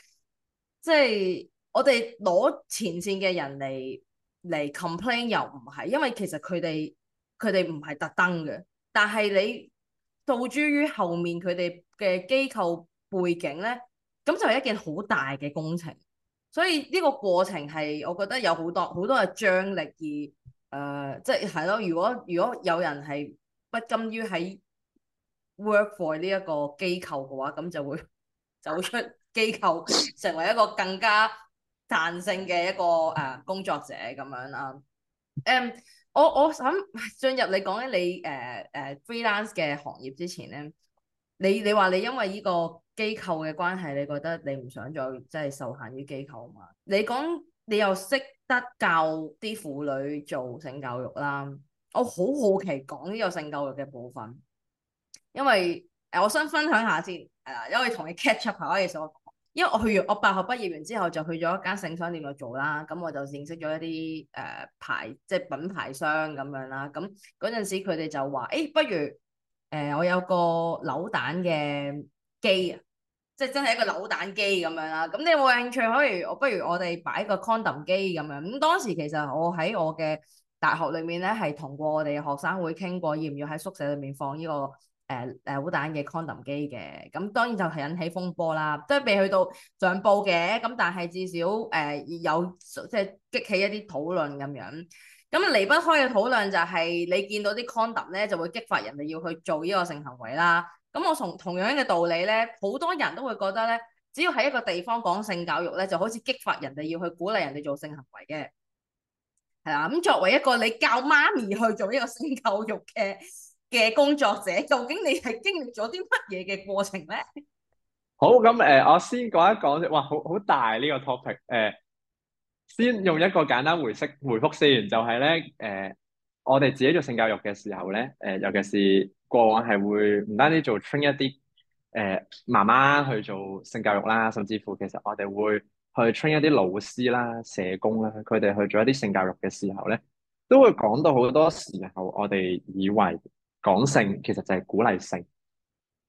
即係、就是、我哋攞前線嘅人嚟嚟 complain 又唔係，因為其實佢哋佢哋唔係特登嘅，但係你倒諸於後面佢哋嘅機構背景咧，咁就係一件好大嘅工程。所以呢個過程係，我覺得有好多好多嘅張力而，誒、呃，即係係咯。如果如果有人係不甘於喺 work for 呢一個機構嘅話，咁就會走出機構，成為一個更加彈性嘅一個誒、呃、工作者咁樣啦。誒、嗯，我我想進入你講緊你誒誒、呃呃、freelance 嘅行業之前咧，你你話你因為呢、這個，機構嘅關係，你覺得你唔想再即係受限於機構啊嘛？你講你又識得教啲婦女做性教育啦，我好好奇講呢個性教育嘅部分，因為誒，我想分享下先，係、呃、啦，因為同你 catch up 下我嘅所，因為我去完我大學畢業完之後就去咗一間性商店度做啦，咁我就認識咗一啲誒、呃、牌即係品牌商咁樣啦，咁嗰陣時佢哋就話誒、欸，不如誒、呃、我有個扭蛋嘅機，即係真係一個扭蛋機咁樣啦，咁你有冇興趣？可、哎、以，我不如我哋擺個 condom 機咁樣。咁當時其實我喺我嘅大學裏面咧，係同過我哋學生會傾過，要唔要喺宿舍裏面放呢、這個誒誒、呃、扭蛋嘅 condom 機嘅。咁當然就係引起風波啦，都未去到上報嘅。咁但係至少誒、呃、有即係激起一啲討論咁樣。咁離不開嘅討論就係你見到啲 condom 咧，就會激發人哋要去做呢個性行為啦。咁我從同樣嘅道理咧，好多人都會覺得咧，只要喺一個地方講性教育咧，就好似激發人哋要去鼓勵人哋做性行為嘅，係啦。咁作為一個你教媽咪去做呢個性教育嘅嘅工作者，究竟你係經歷咗啲乜嘢嘅過程咧？好，咁誒、呃，我先講一講啫。哇，好好大呢個 topic 誒、呃，先用一個簡單回息回覆先，就係咧誒，我哋自己做性教育嘅時候咧，誒、呃，尤其是。過往係會唔單止做 train 一啲誒、呃、媽媽去做性教育啦，甚至乎其實我哋會去 train 一啲老師啦、社工啦，佢哋去做一啲性教育嘅時候咧，都會講到好多時候我哋以為講性其實就係鼓勵性，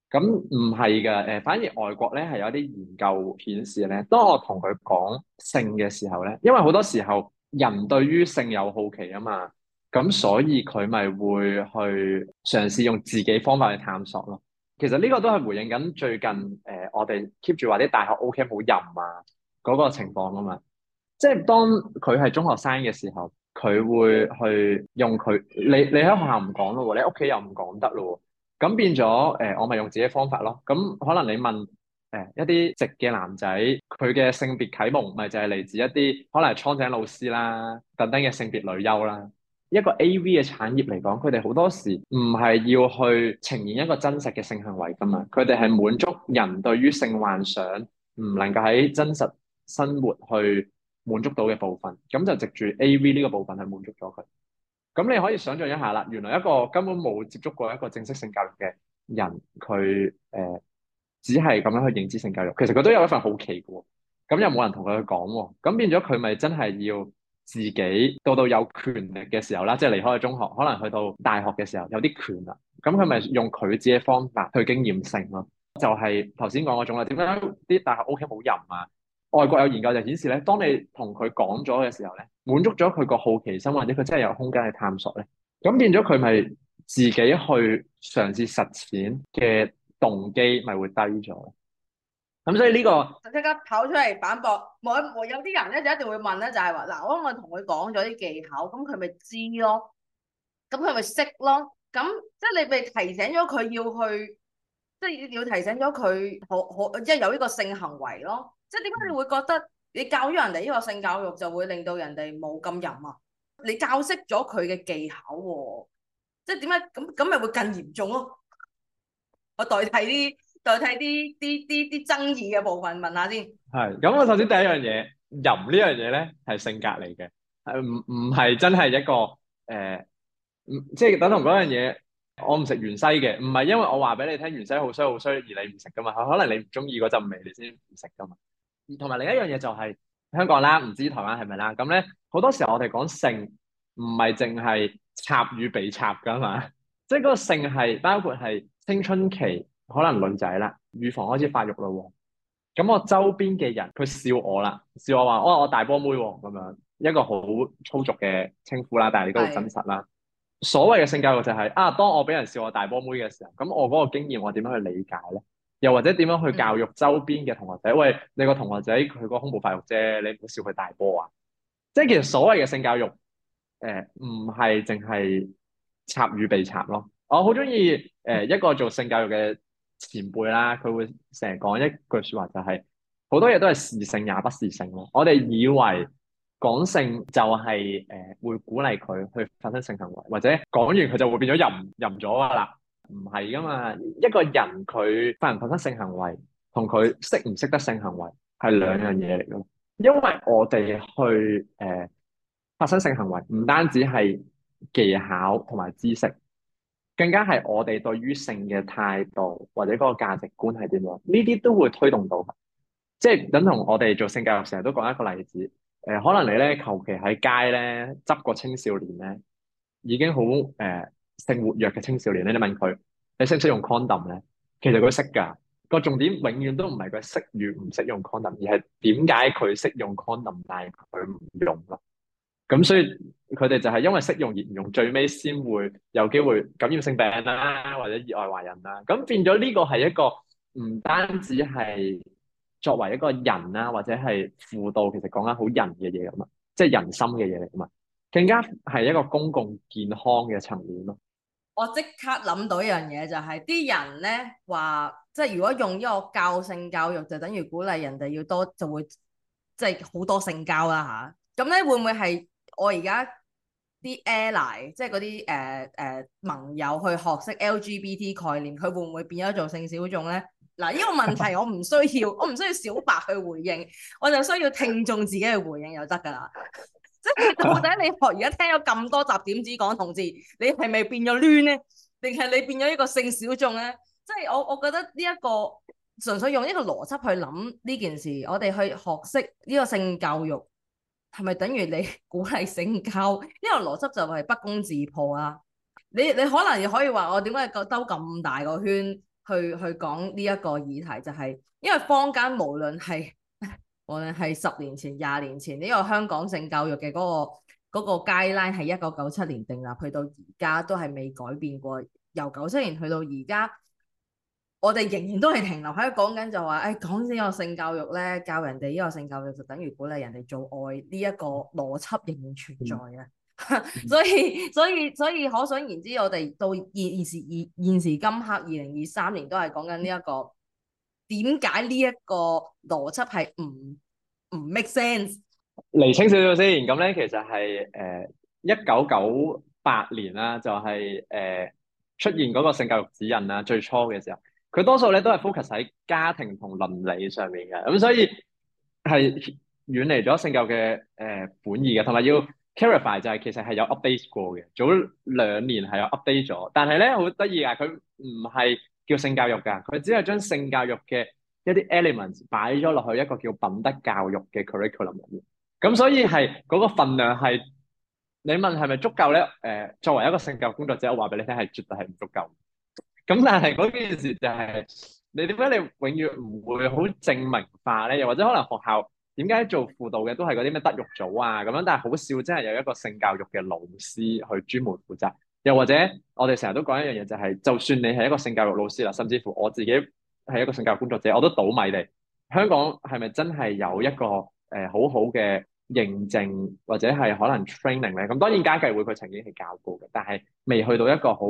咁唔係嘅誒，反而外國咧係有啲研究顯示咧，當我同佢講性嘅時候咧，因為好多時候人對於性有好奇啊嘛。咁所以佢咪會去嘗試用自己方法去探索咯。其實呢個都係回應緊最近誒、呃，我哋 keep 住話啲大學 O.K. 冇任啊嗰、那個情況啊嘛。即係當佢係中學生嘅時候，佢會去用佢你你喺學校唔講咯，你喺屋企又唔講得咯。咁變咗誒、呃，我咪用自己方法咯。咁可能你問誒、呃、一啲直嘅男仔，佢嘅性別啟蒙咪就係嚟自一啲可能係蒼井老師啦等等嘅性別女優啦。一個 A.V. 嘅產業嚟講，佢哋好多時唔係要去呈現一個真實嘅性行為㗎嘛，佢哋係滿足人對於性幻想唔能夠喺真實生活去滿足到嘅部分，咁就藉住 A.V. 呢個部分去滿足咗佢。咁你可以想象一下啦，原來一個根本冇接觸過一個正式性教育嘅人，佢誒、呃、只係咁樣去認知性教育，其實佢都有一份好奇喎。咁又冇人同佢去講喎，咁變咗佢咪真係要自己到到有權力嘅時候啦，即係離開咗中學，可能去到大學嘅時候有啲權力，咁佢咪用佢自己嘅方法去經驗性咯，就係頭先講嗰種啦。點解啲大學屋企冇人啊？外國有研究就顯示咧，當你同佢講咗嘅時候咧，滿足咗佢個好奇心或者佢真係有空間去探索咧，咁變咗佢咪自己去嘗試實踐嘅動機咪會低咗。咁所以呢個就即刻跑出嚟反駁，我我有啲人咧就一定會問咧，就係話嗱，我我同佢講咗啲技巧，咁佢咪知咯？咁佢咪識咯？咁即係你咪提醒咗佢要去，即係要提醒咗佢好好即係有呢個性行為咯？即係點解你會覺得你教於人哋呢個性教育就會令到人哋冇咁淫啊？你教識咗佢嘅技巧喎，即係點解咁咁咪會更嚴重咯？我代替啲。代替啲啲啲啲爭議嘅部分問,問下先。係咁，我首先第一樣嘢，淫呢樣嘢咧係性格嚟嘅，係唔唔係真係一個誒、呃，即係等同嗰樣嘢，我唔食芫茜嘅，唔係因為我話俾你聽芫茜好衰好衰而你唔食噶嘛，可能你唔中意嗰陣味，你先唔食噶嘛。同埋另一樣嘢就係、是、香港啦，唔知台灣係咪啦？咁咧好多時候我哋講性唔係淨係插與被插噶嘛，即係個性係包括係青春期。可能女仔啦，乳房開始發育啦喎，咁我周邊嘅人佢笑我啦，笑我話：我、oh, 我大波妹咁樣，一個好粗俗嘅稱呼啦，但係你都好真實啦。是所謂嘅性教育就係、是、啊，當我俾人笑我大波妹嘅時候，咁我嗰個經驗我點樣去理解咧？又或者點樣去教育周邊嘅同學仔？ [NOISE] 喂，你個同學仔佢個胸部發育啫，你唔好笑佢大波啊！即係其實所謂嘅性教育，誒唔係淨係插與被插咯。我好中意誒一個做性教育嘅。 [NOISE] 前輩啦，佢會成日講一句說話，就是，就係好多嘢都係事性，也不是性咯。我哋以為講性就係、是、誒、呃、會鼓勵佢去發生性行為，或者講完佢就會變咗淫淫咗噶啦，唔係噶嘛。一個人佢發唔發生性行為，同佢識唔識得性行為係兩樣嘢嚟噶。因為我哋去誒、呃、發生性行為，唔單止係技巧同埋知識。更加係我哋對於性嘅態度，或者嗰個價值觀係點樣，呢啲都會推動到。即係等同我哋做性教育成日都講一個例子，誒、呃，可能你咧求其喺街咧執個青少年咧，已經好誒、呃、性活躍嘅青少年咧，你問佢你識唔識用 condom 咧？其實佢識㗎。個重點永遠都唔係佢識與唔識用 condom，而係點解佢識用 condom 但係佢唔用咯。咁所以佢哋就係因為適用而唔用，最尾先會有機會感染性病啦、啊，或者意外懷孕啦、啊。咁變咗呢個係一個唔單止係作為一個人啦、啊，或者係輔導，其實講緊好人嘅嘢咁嘛，即係人心嘅嘢嚟噶嘛，更加係一個公共健康嘅層面咯。我即刻諗到一樣嘢，就係，就係啲人咧話，即係如果用一個教性教育，就等於鼓勵人哋要多，就會即係好多性交啦嚇。咁、啊、咧會唔會係？我而家啲 ally，即係嗰啲誒誒盟友去學識 LGBT 概念，佢會唔會變咗做性小眾咧？嗱，呢個問題我唔需要，我唔需要小白去回應，我就需要聽眾自己去回應就得噶啦。即係到底你學而家聽咗咁多集點止講同志，你係咪變咗攣咧？定係你變咗一個性小眾咧？即係我我覺得呢一個純粹用一個邏輯去諗呢件事，我哋去學識呢個性教育。係咪等於你鼓勵性交？呢個邏輯就係不攻自破啊！你你可能又可以話我點解兜咁大個圈去去講呢一個議題，就是？就係因為坊間無論係無論係十年前、廿年前呢、呢個香港性教育嘅嗰、嗰個嗰、嗰個 guideline 係一九九七年定立，去到而家都係未改變過。由九七年去到而家。我哋仍然都係停留喺度講緊就話，誒講呢個性教育咧，教人哋呢個性教育就等於鼓勵人哋做愛呢一個邏輯仍然存在啊！ [LAUGHS] 所以所以所以，可想而知，我哋到現現時現現時今刻二零二三年都係講緊呢一個，點解呢一個邏輯係唔唔 make sense？厘清少少先，咁咧其實係誒一九九八年啦，就係誒出現嗰個性教育指引啦，最初嘅時候。佢多數咧都係 focus 喺家庭同倫理上面嘅，咁所以係遠離咗性教育嘅誒本意嘅，同埋要 clarify 就係其實係有 update 過嘅，早兩年係有 update 咗，但係咧好得意呀，佢唔係叫性教育㗎，佢只係將性教育嘅一啲 elements 擺咗落去一個叫品德教育嘅 curriculum 入面，咁所以係嗰個份量係你問係咪足夠咧？誒，作為一個性教育工作者，我話俾你聽係絕對係唔足夠。咁但係嗰件事就係、是、你點解你永遠唔會好正明化咧？又或者可能學校點解做輔導嘅都係嗰啲咩德育組啊咁樣？但係好少真係有一個性教育嘅老師去專門負責。又或者我哋成日都講一樣嘢、就是，就係就算你係一個性教育老師啦，甚至乎我自己係一個性教育工作者，我都倒米地。香港係咪真係有一個誒、呃、好好嘅認證或者係可能 training 咧？咁當然家計會佢曾經係教過嘅，但係未去到一個好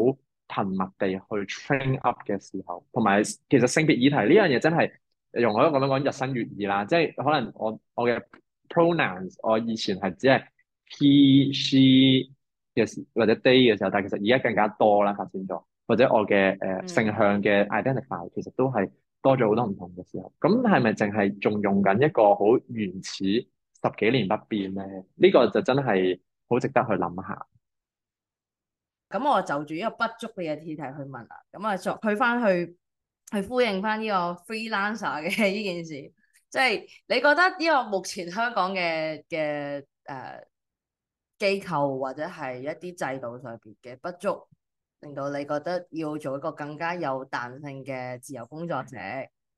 頻密地去 train up 嘅時候，同埋其實性別議題呢樣嘢真係用我咁樣講日新月異啦。即係可能我我嘅 pronouns 我以前係只係 he、she 嘅或者 they 嘅時候，但係其實而家更加多啦，發展咗。或者我嘅誒、呃、性向嘅 identify 其實都係多咗好多唔同嘅時候。咁係咪淨係仲用緊一個好原始十幾年不變咧？呢、呢個就真係好值得去諗下。咁、嗯、我就住呢個不足嘅嘢議題去問啦。咁、嗯、啊，作去翻去去呼應翻呢個 freelancer 嘅呢件事，即係你覺得呢個目前香港嘅嘅誒機構或者係一啲制度上邊嘅不足，令到你覺得要做一個更加有彈性嘅自由工作者。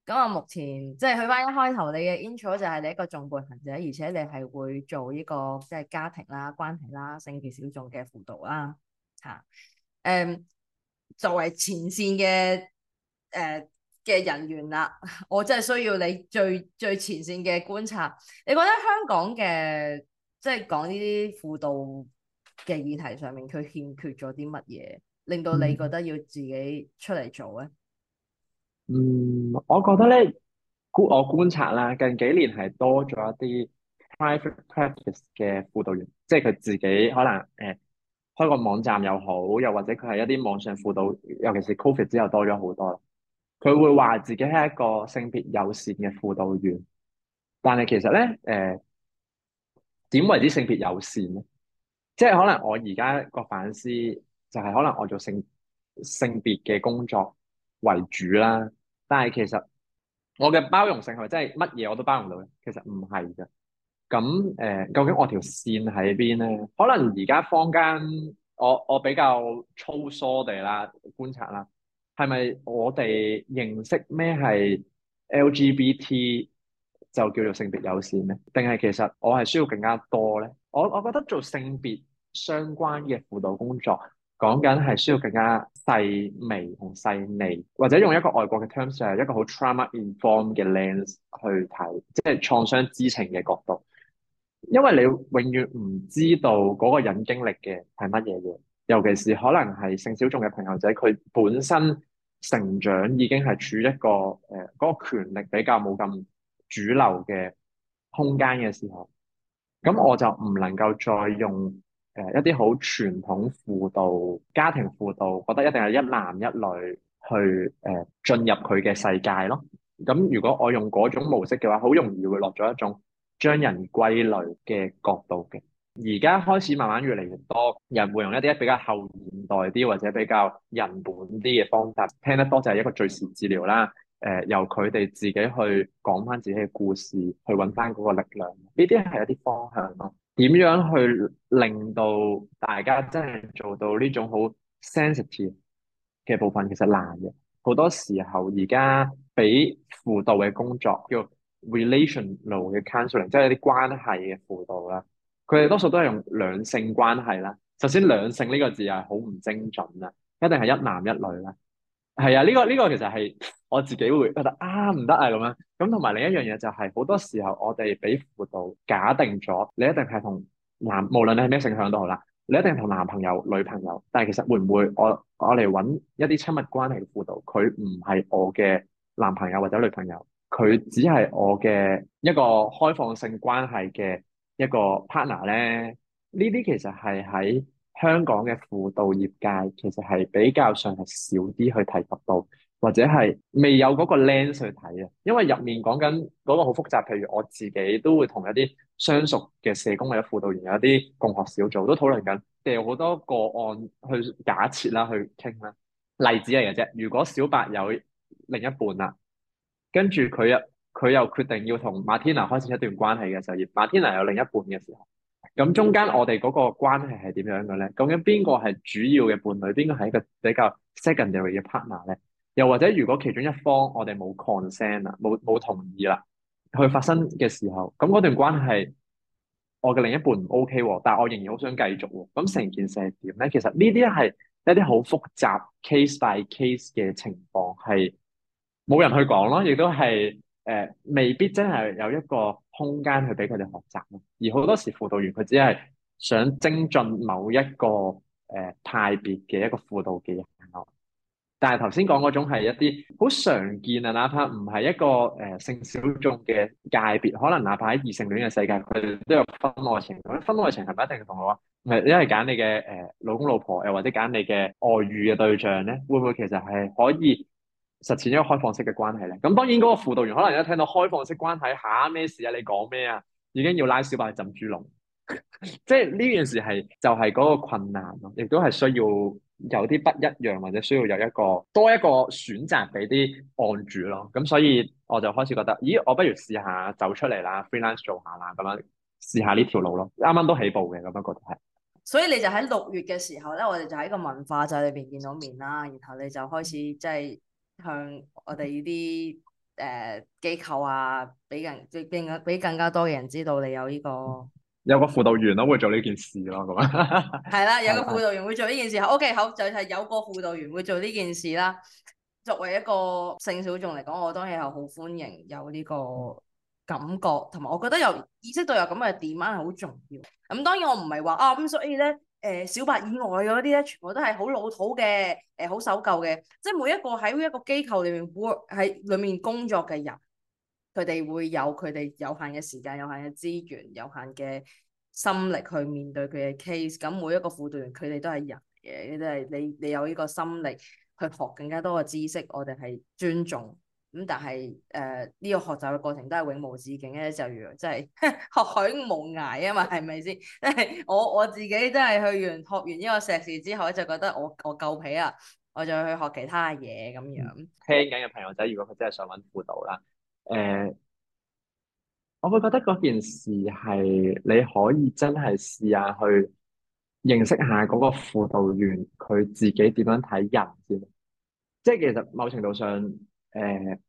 咁啊、嗯，我目前即係去翻一開頭你嘅 intro 就係你一個重撥行者，而且你係會做呢、這個即係家庭啦、關係啦、性別小眾嘅輔導啦。吓，誒、嗯，作為前線嘅誒嘅人員啦，我真係需要你最最前線嘅觀察。你覺得香港嘅即係講呢啲輔導嘅議題上面，佢欠缺咗啲乜嘢，令到你覺得要自己出嚟做咧？嗯，我覺得咧，觀我觀察啦，近幾年係多咗一啲 private practice 嘅輔導員，即係佢自己可能誒。呃開個網站又好，又或者佢係一啲網上輔導，尤其是 Covid 之後多咗好多。佢會話自己係一個性別友善嘅輔導員，但係其實咧，誒、呃、點為之性別友善咧？即、就、係、是、可能我而家個反思就係可能我做性性別嘅工作為主啦，但係其實我嘅包容性係咪真係乜嘢我都包容到咧？其實唔係㗎。咁誒、嗯，究竟我條線喺邊咧？可能而家坊間，我我比較粗疏哋啦觀察啦，係咪我哋認識咩係 LGBT 就叫做性別友善咧？定係其實我係需要更加多咧？我我覺得做性別相關嘅輔導工作，講緊係需要更加細微同細膩，或者用一個外國嘅 terms 係一個好 trauma-informed 嘅 lens 去睇，即係創傷知情嘅角度。因為你永遠唔知道嗰個人經歷嘅係乜嘢嘢，尤其是可能係性小眾嘅朋友仔，佢本身成長已經係處於一個誒嗰、呃那個權力比較冇咁主流嘅空間嘅時候，咁我就唔能夠再用誒、呃、一啲好傳統輔導、家庭輔導，覺得一定係一男一女去誒進、呃、入佢嘅世界咯。咁如果我用嗰種模式嘅話，好容易會落咗一種。將人歸類嘅角度嘅，而家開始慢慢越嚟越多人會用一啲比較後現代啲或者比較人本啲嘅方法，聽得多就係一個敍事治療啦。誒、呃，由佢哋自己去講翻自己嘅故事，去揾翻嗰個力量。呢啲係一啲方向咯。點樣去令到大家真係做到呢種好 sensitive 嘅部分，其實難嘅。好多時候而家俾輔導嘅工作叫 relational 嘅 counseling，即係一啲關係嘅輔導啦。佢哋多數都係用兩性關係啦。首先，兩性呢個字係好唔精準啊，一定係一男一女啦。係啊，呢、呢個呢、呢個其實係我自己會覺得啊，唔得啊咁樣。咁同埋另一樣嘢就係、是、好多時候我哋俾輔導假定咗，你一定係同男，無論你係咩性向都好啦，你一定同男朋友、女朋友。但係其實會唔會我我嚟揾一啲親密關係嘅輔導，佢唔係我嘅男朋友或者女朋友？佢只係我嘅一個開放性關係嘅一個 partner 咧，呢啲其實係喺香港嘅輔導業界，其實係比較上係少啲去提及到，或者係未有嗰個 lens、er、去睇啊。因為入面講緊嗰個好複雜，譬如我自己都會同一啲相熟嘅社工或者輔導員有一啲共學小組都討論緊，掉好多個案去假設啦，去傾啦。例子嚟嘅啫。如果小白有另一半啦。跟住佢啊，佢又決定要同馬天娜開始一段關係嘅時候，而馬天娜有另一半嘅時候，咁中間我哋嗰個關係係點樣嘅咧？究竟邊個係主要嘅伴侶，邊個係一個比較 secondary 嘅 partner 咧？又或者如果其中一方我哋冇 consent 啦，冇冇同意啦，去發生嘅時候，咁嗰段關係，我嘅另一半唔 OK 喎，但係我仍然好想繼續喎。咁成件事係點咧？其實呢啲係一啲好複雜 case by case 嘅情況係。冇人去講咯，亦都係誒、呃，未必真係有一個空間去俾佢哋學習咯，而好多時，輔導員佢只係想精進某一個誒派別嘅一個輔導嘅人。但係頭先講嗰種係一啲好常見啊，哪怕唔係一個誒、呃、性小眾嘅界別，可能哪怕喺異性戀嘅世界，佢哋都有婚外情。咁婚外情係咪一定同我唔係？因為揀你嘅誒、呃、老公老婆，又或者揀你嘅外遇嘅對象咧，會唔會其實係可以？實踐一個開放式嘅關係咧，咁當然嗰個輔導員可能一聽到開放式關係嚇，咩事啊？你講咩啊？已經要拉小白去浸豬籠，即係呢件事係就係嗰個困難咯，亦都係需要有啲不一樣，或者需要有一個多一個選擇俾啲案主咯。咁所以我就開始覺得，咦，我不如試下走出嚟啦，freelance 做下啦，咁樣試下呢條路咯。啱啱都起步嘅咁樣覺得係。所以你就喺六月嘅時候咧，我哋就喺個文化祭裏邊見到面啦，然後你就開始即係。向我哋呢啲誒機構啊，俾人即俾俾更加多嘅人知道你有呢、這個有個輔導員咯，會做呢件事咯，咁啊，係啦，有個輔導員會做呢件事 [LAUGHS] ，OK，好就係、是、有個輔導員會做呢件事啦。作為一個性小眾嚟講，我當然係好歡迎有呢個感覺，同埋我覺得有意識到有咁嘅 demand 係好重要。咁當然我唔係話啊，咁所以咧。誒、呃、小白以外嗰啲咧，全部都係好老土嘅，誒、呃、好守舊嘅，即係每一個喺一個機構裏面 work 喺裏面工作嘅人，佢哋會有佢哋有限嘅時間、有限嘅資源、有限嘅心力去面對佢嘅 case。咁每一個輔導員佢哋都係人嘅，佢哋係你你有呢個心力去學更加多嘅知識，我哋係尊重。咁但係誒，呢、呃這個學習嘅過程都係永無止境嘅，就如即係學海無涯啊嘛，係咪先？即 [LAUGHS] 係我我自己，真係去完學完呢個碩士之後，就覺得我我夠皮啊，我就去學其他嘢咁樣。嗯、聽緊嘅朋友仔，如果佢真係想揾輔導啦，誒、呃，我會覺得嗰件事係你可以真係試下去認識下嗰個輔導員佢自己點樣睇人先，即係其實某程度上。誒，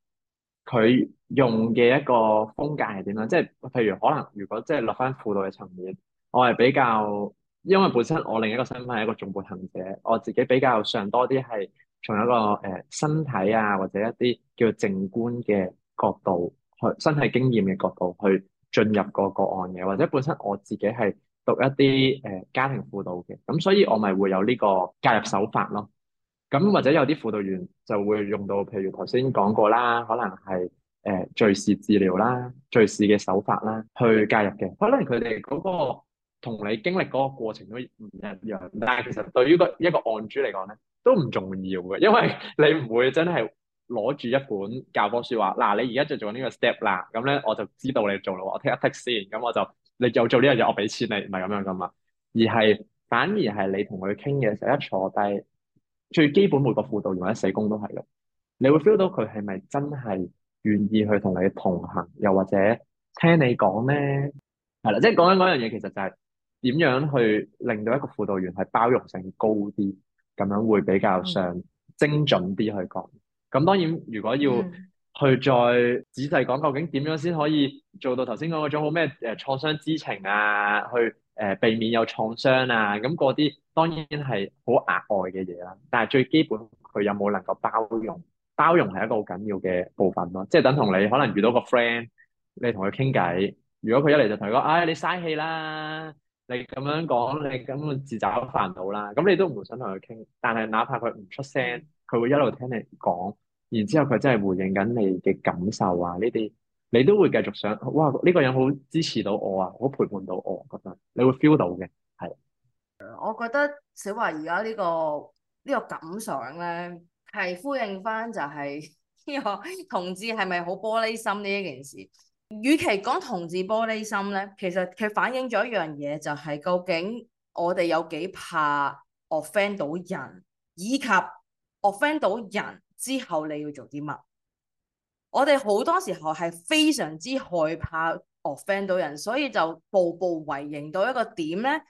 佢、呃、用嘅一個風格係點樣？即係譬如可能，如果即係落翻輔導嘅層面，我係比較，因為本身我另一個身份係一個重活行者，我自己比較上多啲係從一個誒、呃、身體啊或者一啲叫靜觀嘅角，角度去身體經驗嘅角度去進入個個案嘅，或者本身我自己係讀一啲誒、呃、家庭輔導嘅，咁所以我咪會有呢個介入手法咯。咁或者有啲輔導員就會用到，譬如頭先講過啦，可能係誒敘事治療啦、敘事嘅手法啦，去介入嘅。可能佢哋嗰個同你經歷嗰個過程都唔一樣，但係其實對於個一個案主嚟講咧，都唔重要嘅，因為你唔會真係攞住一本教科書話，嗱、啊、你而家就做呢個 step 啦，咁咧我就知道你做啦，我 tick 一 tick 先，咁我就你就做呢樣嘢，我俾錢你，唔係咁樣噶嘛，而係反而係你同佢傾嘅時候一坐低。最基本每個輔導員或者社工都係嘅，你會 feel 到佢係咪真係願意去同你同行，又或者聽你講咧？係啦，即係講緊嗰樣嘢，其實就係點樣去令到一個輔導員係包容性高啲，咁樣會比較上精準啲去講。咁當然，如果要去再仔細講，究竟點樣先可以做到頭先講嗰種好咩誒創傷知情啊？去誒避免有創傷啊！咁嗰啲當然係好額外嘅嘢啦。但係最基本，佢有冇能夠包容？包容係一個好緊要嘅部分咯。即係等同你可能遇到個 friend，你同佢傾偈，如果佢一嚟就同你講：「唉、哎，你嘥氣啦，你咁樣講，你咁自找煩惱啦。咁你都唔會想同佢傾。但係哪怕佢唔出聲，佢會一路聽你講。然之後佢真係回應緊你嘅感受啊！呢啲你都會繼續想哇，呢、這個人好支持到我啊，好陪伴到我，我覺得你會 feel 到嘅。係，我覺得小華而家呢個呢、這個感想咧，係呼應返就係呢個同志係咪好玻璃心呢一件事？與其講同志玻璃心咧，其實佢反映咗一樣嘢，就係究竟我哋有幾怕 offend 到人，以及 offend 到人。之後你要做啲乜？我哋好多時候係非常之害怕 offend 到人，所以就步步為營到一個點咧，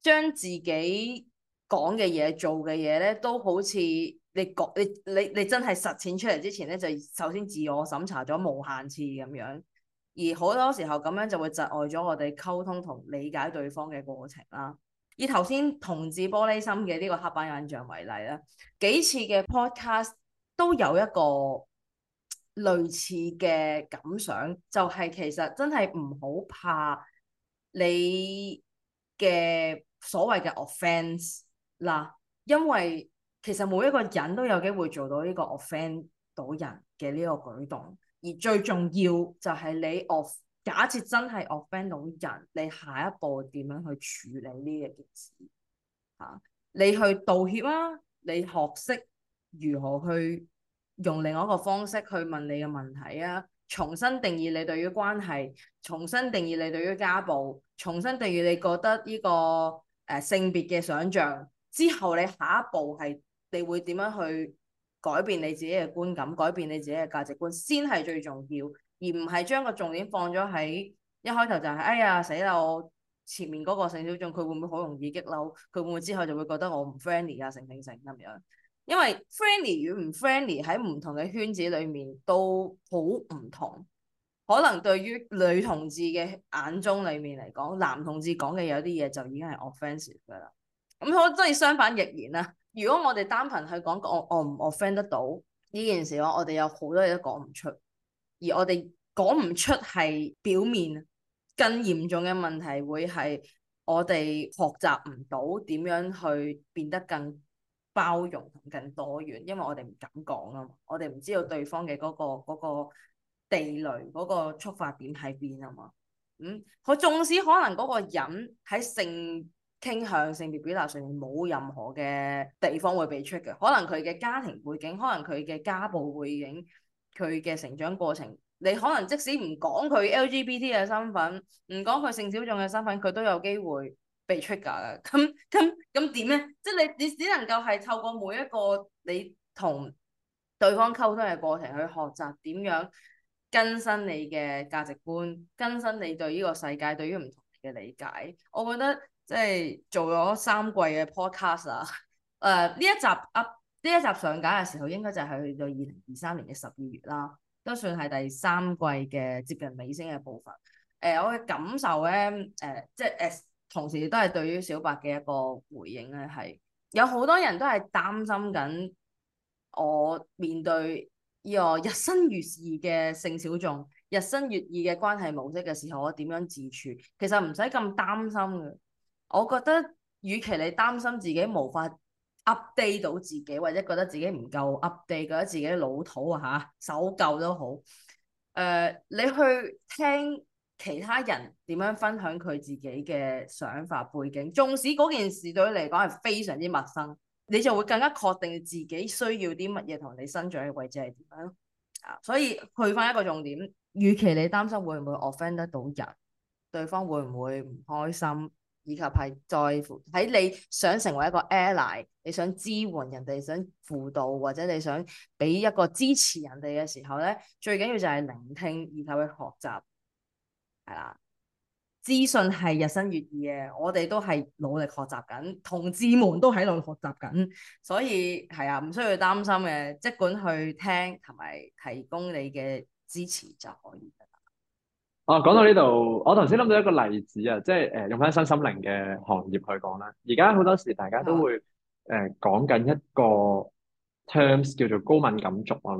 將自己講嘅嘢、做嘅嘢咧，都好似你講你你你真係實踐出嚟之前咧，就首先自我審查咗無限次咁樣。而好多時候咁樣就會窒礙咗我哋溝通同理解對方嘅過程啦。以頭先同志玻璃心嘅呢個刻板印象為例啦，幾次嘅 podcast。都有一個類似嘅感想，就係、是、其實真係唔好怕你嘅所謂嘅 offence 嗱，因為其實每一個人都有機會做到呢個 offence 到人嘅呢個舉動，而最重要就係你 off 假設真係 offence 到人，你下一步點樣去處理呢一件事？嚇、啊，你去道歉啊，你學識。如何去用另外一個方式去問你嘅問題啊？重新定義你對於關係，重新定義你對於家暴，重新定義你覺得呢、這個誒、呃、性別嘅想象之後，你下一步係你會點樣去改變你自己嘅觀感，改變你自己嘅價值觀，先係最重要，而唔係將個重點放咗喺一開頭就係、是、哎呀死啦！我前面嗰個性小眾佢會唔會好容易激嬲？佢會唔會之後就會覺得我唔 friendly 啊？成成成咁樣。因為 friendly 與唔 friendly 喺唔同嘅圈子裏面都好唔同，可能對於女同志嘅眼中裏面嚟講，男同志講嘅有啲嘢就已經係 offensive 噶啦。咁我真係相反亦然啦。如果我哋單憑去講我我唔 offend 得到呢件事嘅話，我哋有好多嘢都講唔出，而我哋講唔出係表面更嚴重嘅問題，會係我哋學習唔到點樣去變得更。包容同更多元，因為我哋唔敢講啊嘛，我哋唔知道對方嘅嗰個嗰個地雷嗰個觸發點喺邊啊嘛。嗯，佢縱使可能嗰個人喺性傾向、性別表達上面冇任何嘅地方會被 check 嘅，可能佢嘅家庭背景，可能佢嘅家暴背景，佢嘅成長過程，你可能即使唔講佢 LGBT 嘅身份，唔講佢性小眾嘅身份，佢都有機會。被 trigger 嘅，咁咁咁點咧？即係你你只能夠係透過每一個你同對方溝通嘅過程去學習點樣更新你嘅價值觀，更新你對呢個世界對於唔同嘅理解。我覺得即係做咗三季嘅 podcast、呃、啊，誒呢一集 u 呢一集上架嘅時候應該就係去到二零二三年嘅十二月啦，都算係第三季嘅接近尾聲嘅部分。誒、呃、我嘅感受咧，誒、呃、即係誒。同時都係對於小白嘅一個回應咧，係有好多人都係擔心緊，我面對呢個日新月異嘅性小眾、日新月異嘅關係模式嘅時候，我點樣自處？其實唔使咁擔心嘅，我覺得與其你擔心自己無法 update 到自己，或者覺得自己唔夠 update，覺得自己老土啊嚇、守舊都好，誒、呃，你去聽。其他人點樣分享佢自己嘅想法背景，縱使嗰件事對你嚟講係非常之陌生，你就會更加確定自己需要啲乜嘢同你生長嘅位置係點樣啊、嗯。所以去翻一個重點，與其你擔心會唔會 offend 得到人，對方會唔會唔開心，以及係在乎喺你想成為一個 ally，你想支援人哋、想輔導或者你想俾一個支持人哋嘅時候咧，最緊要就係聆聽，然後去學習。係啦，資訊係日新月異嘅，我哋都係努力學習緊，同志們都喺度學習緊，所以係啊，唔需要擔心嘅，即管去聽同埋提供你嘅支持就可以噶啦。哦、啊，講到呢度，我頭先諗到一個例子啊，即係誒、呃，用返身心靈嘅行業去講啦。而家好多時，大家都會誒講緊一個 terms 叫做高敏感族啊，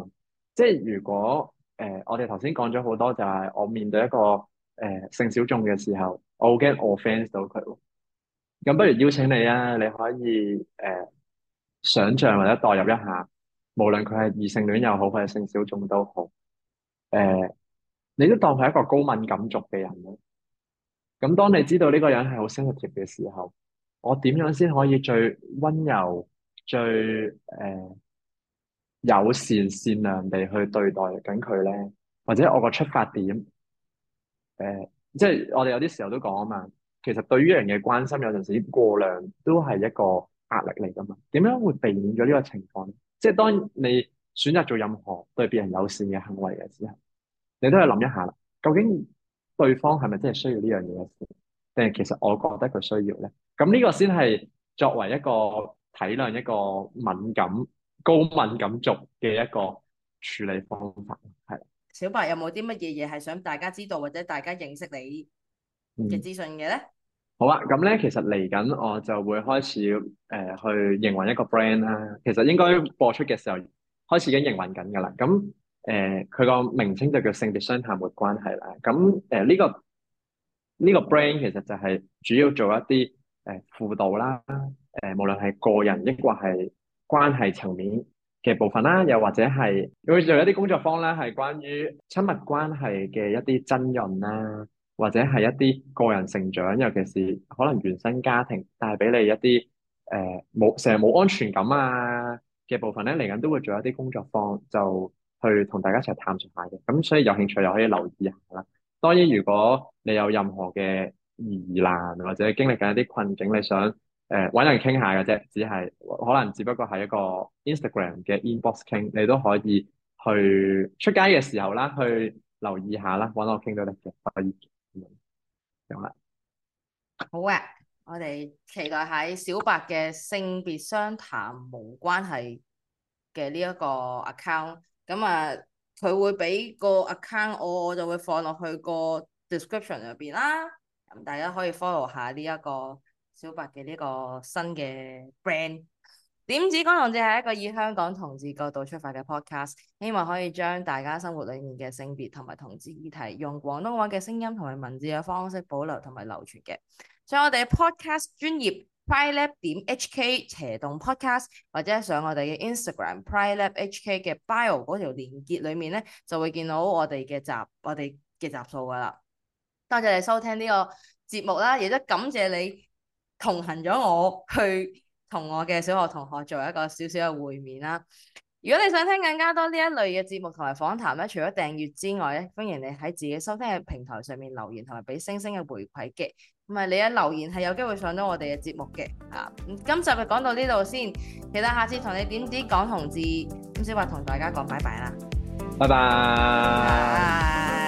即係如果誒、呃、我哋頭先講咗好多，就係我面對一個。誒，性、呃、小眾嘅時候，我好驚我 offense 到佢。咁不如邀請你啊，你可以誒、呃、想象或者代入一下，無論佢係異性戀又好，佢係性小眾都好。誒、呃，你都當佢係一個高敏感族嘅人咯。咁當你知道呢個人係好 sensitive 嘅時候，我點樣先可以最溫柔、最誒、呃、友善、善良地去對待緊佢咧？或者我個出發點？誒、呃，即係我哋有啲時候都講啊嘛，其實對於人嘅關心有陣時過量都係一個壓力嚟噶嘛。點樣會避免咗呢個情況？即係當你選擇做任何對別人友善嘅行為嘅時候，你都去諗一下啦，究竟對方係咪真係需要呢樣嘢嘅事？定係其實我覺得佢需要咧？咁呢個先係作為一個體諒一個敏感高敏感族嘅一個處理方法，係。小白有冇啲乜嘢嘢係想大家知道，或者大家認識你嘅資訊嘅咧？好啊，咁咧，其實嚟緊我就會開始誒去營運一個 brand 啦。其實應該播出嘅時候開始已經營運緊噶啦。咁誒佢個名稱就叫性別相談沒關係啦。咁誒呢個呢個 brand 其實就係主要做一啲誒輔導啦，誒無論係個人抑或係關係層面，嘅部分啦，又或者係會做一啲工作坊咧，係關於親密關係嘅一啲爭拗啦，或者係一啲個人成長，尤其是可能原生家庭帶俾你一啲誒冇成日冇安全感啊嘅部分咧，嚟緊都會做一啲工作坊，就去同大家一齊探索下嘅。咁所以有興趣又可以留意下啦。當然，如果你有任何嘅疑難，或者經歷緊一啲困境，你想～誒，搵、嗯、人傾下嘅啫，只係可能只不過係一個 Instagram 嘅 inbox 傾，你都可以去出街嘅時候啦，去留意下啦，搵我傾到得嘅可以咁樣啦。嗯嗯嗯嗯、好啊，我哋期待喺小白嘅性別相談無關係嘅呢一個 account，咁啊，佢會俾個 account 我，我就會放落去個 description 入邊啦，咁大家可以 follow 下呢、這、一個。小白嘅呢個新嘅 brand，點止講同志係一個以香港同志角度出發嘅 podcast，希望可以將大家生活裏面嘅性別同埋同志議題，用廣東話嘅聲音同埋文字嘅方式保留同埋流傳嘅。上我哋 podcast 專頁 pridelab 點 hk 斜動 podcast，或者上我哋嘅 instagram pridelabhk 嘅 bio 嗰條連結裏面咧，就會見到我哋嘅集我哋嘅集數噶啦。多謝你收聽呢個節目啦，亦都感謝你。同行咗我去同我嘅小學同學做一個少少嘅會面啦。如果你想聽更加多呢一類嘅節目同埋訪談咧，除咗訂閱之外咧，歡迎你喺自己收聽嘅平台上面留言同埋俾星星嘅回饋嘅。唔係你一留言係有機會上到我哋嘅節目嘅。啊，咁今集講到呢度先，其實下次同你點啲講同志，咁小白同大家講拜拜啦，拜拜。拜拜。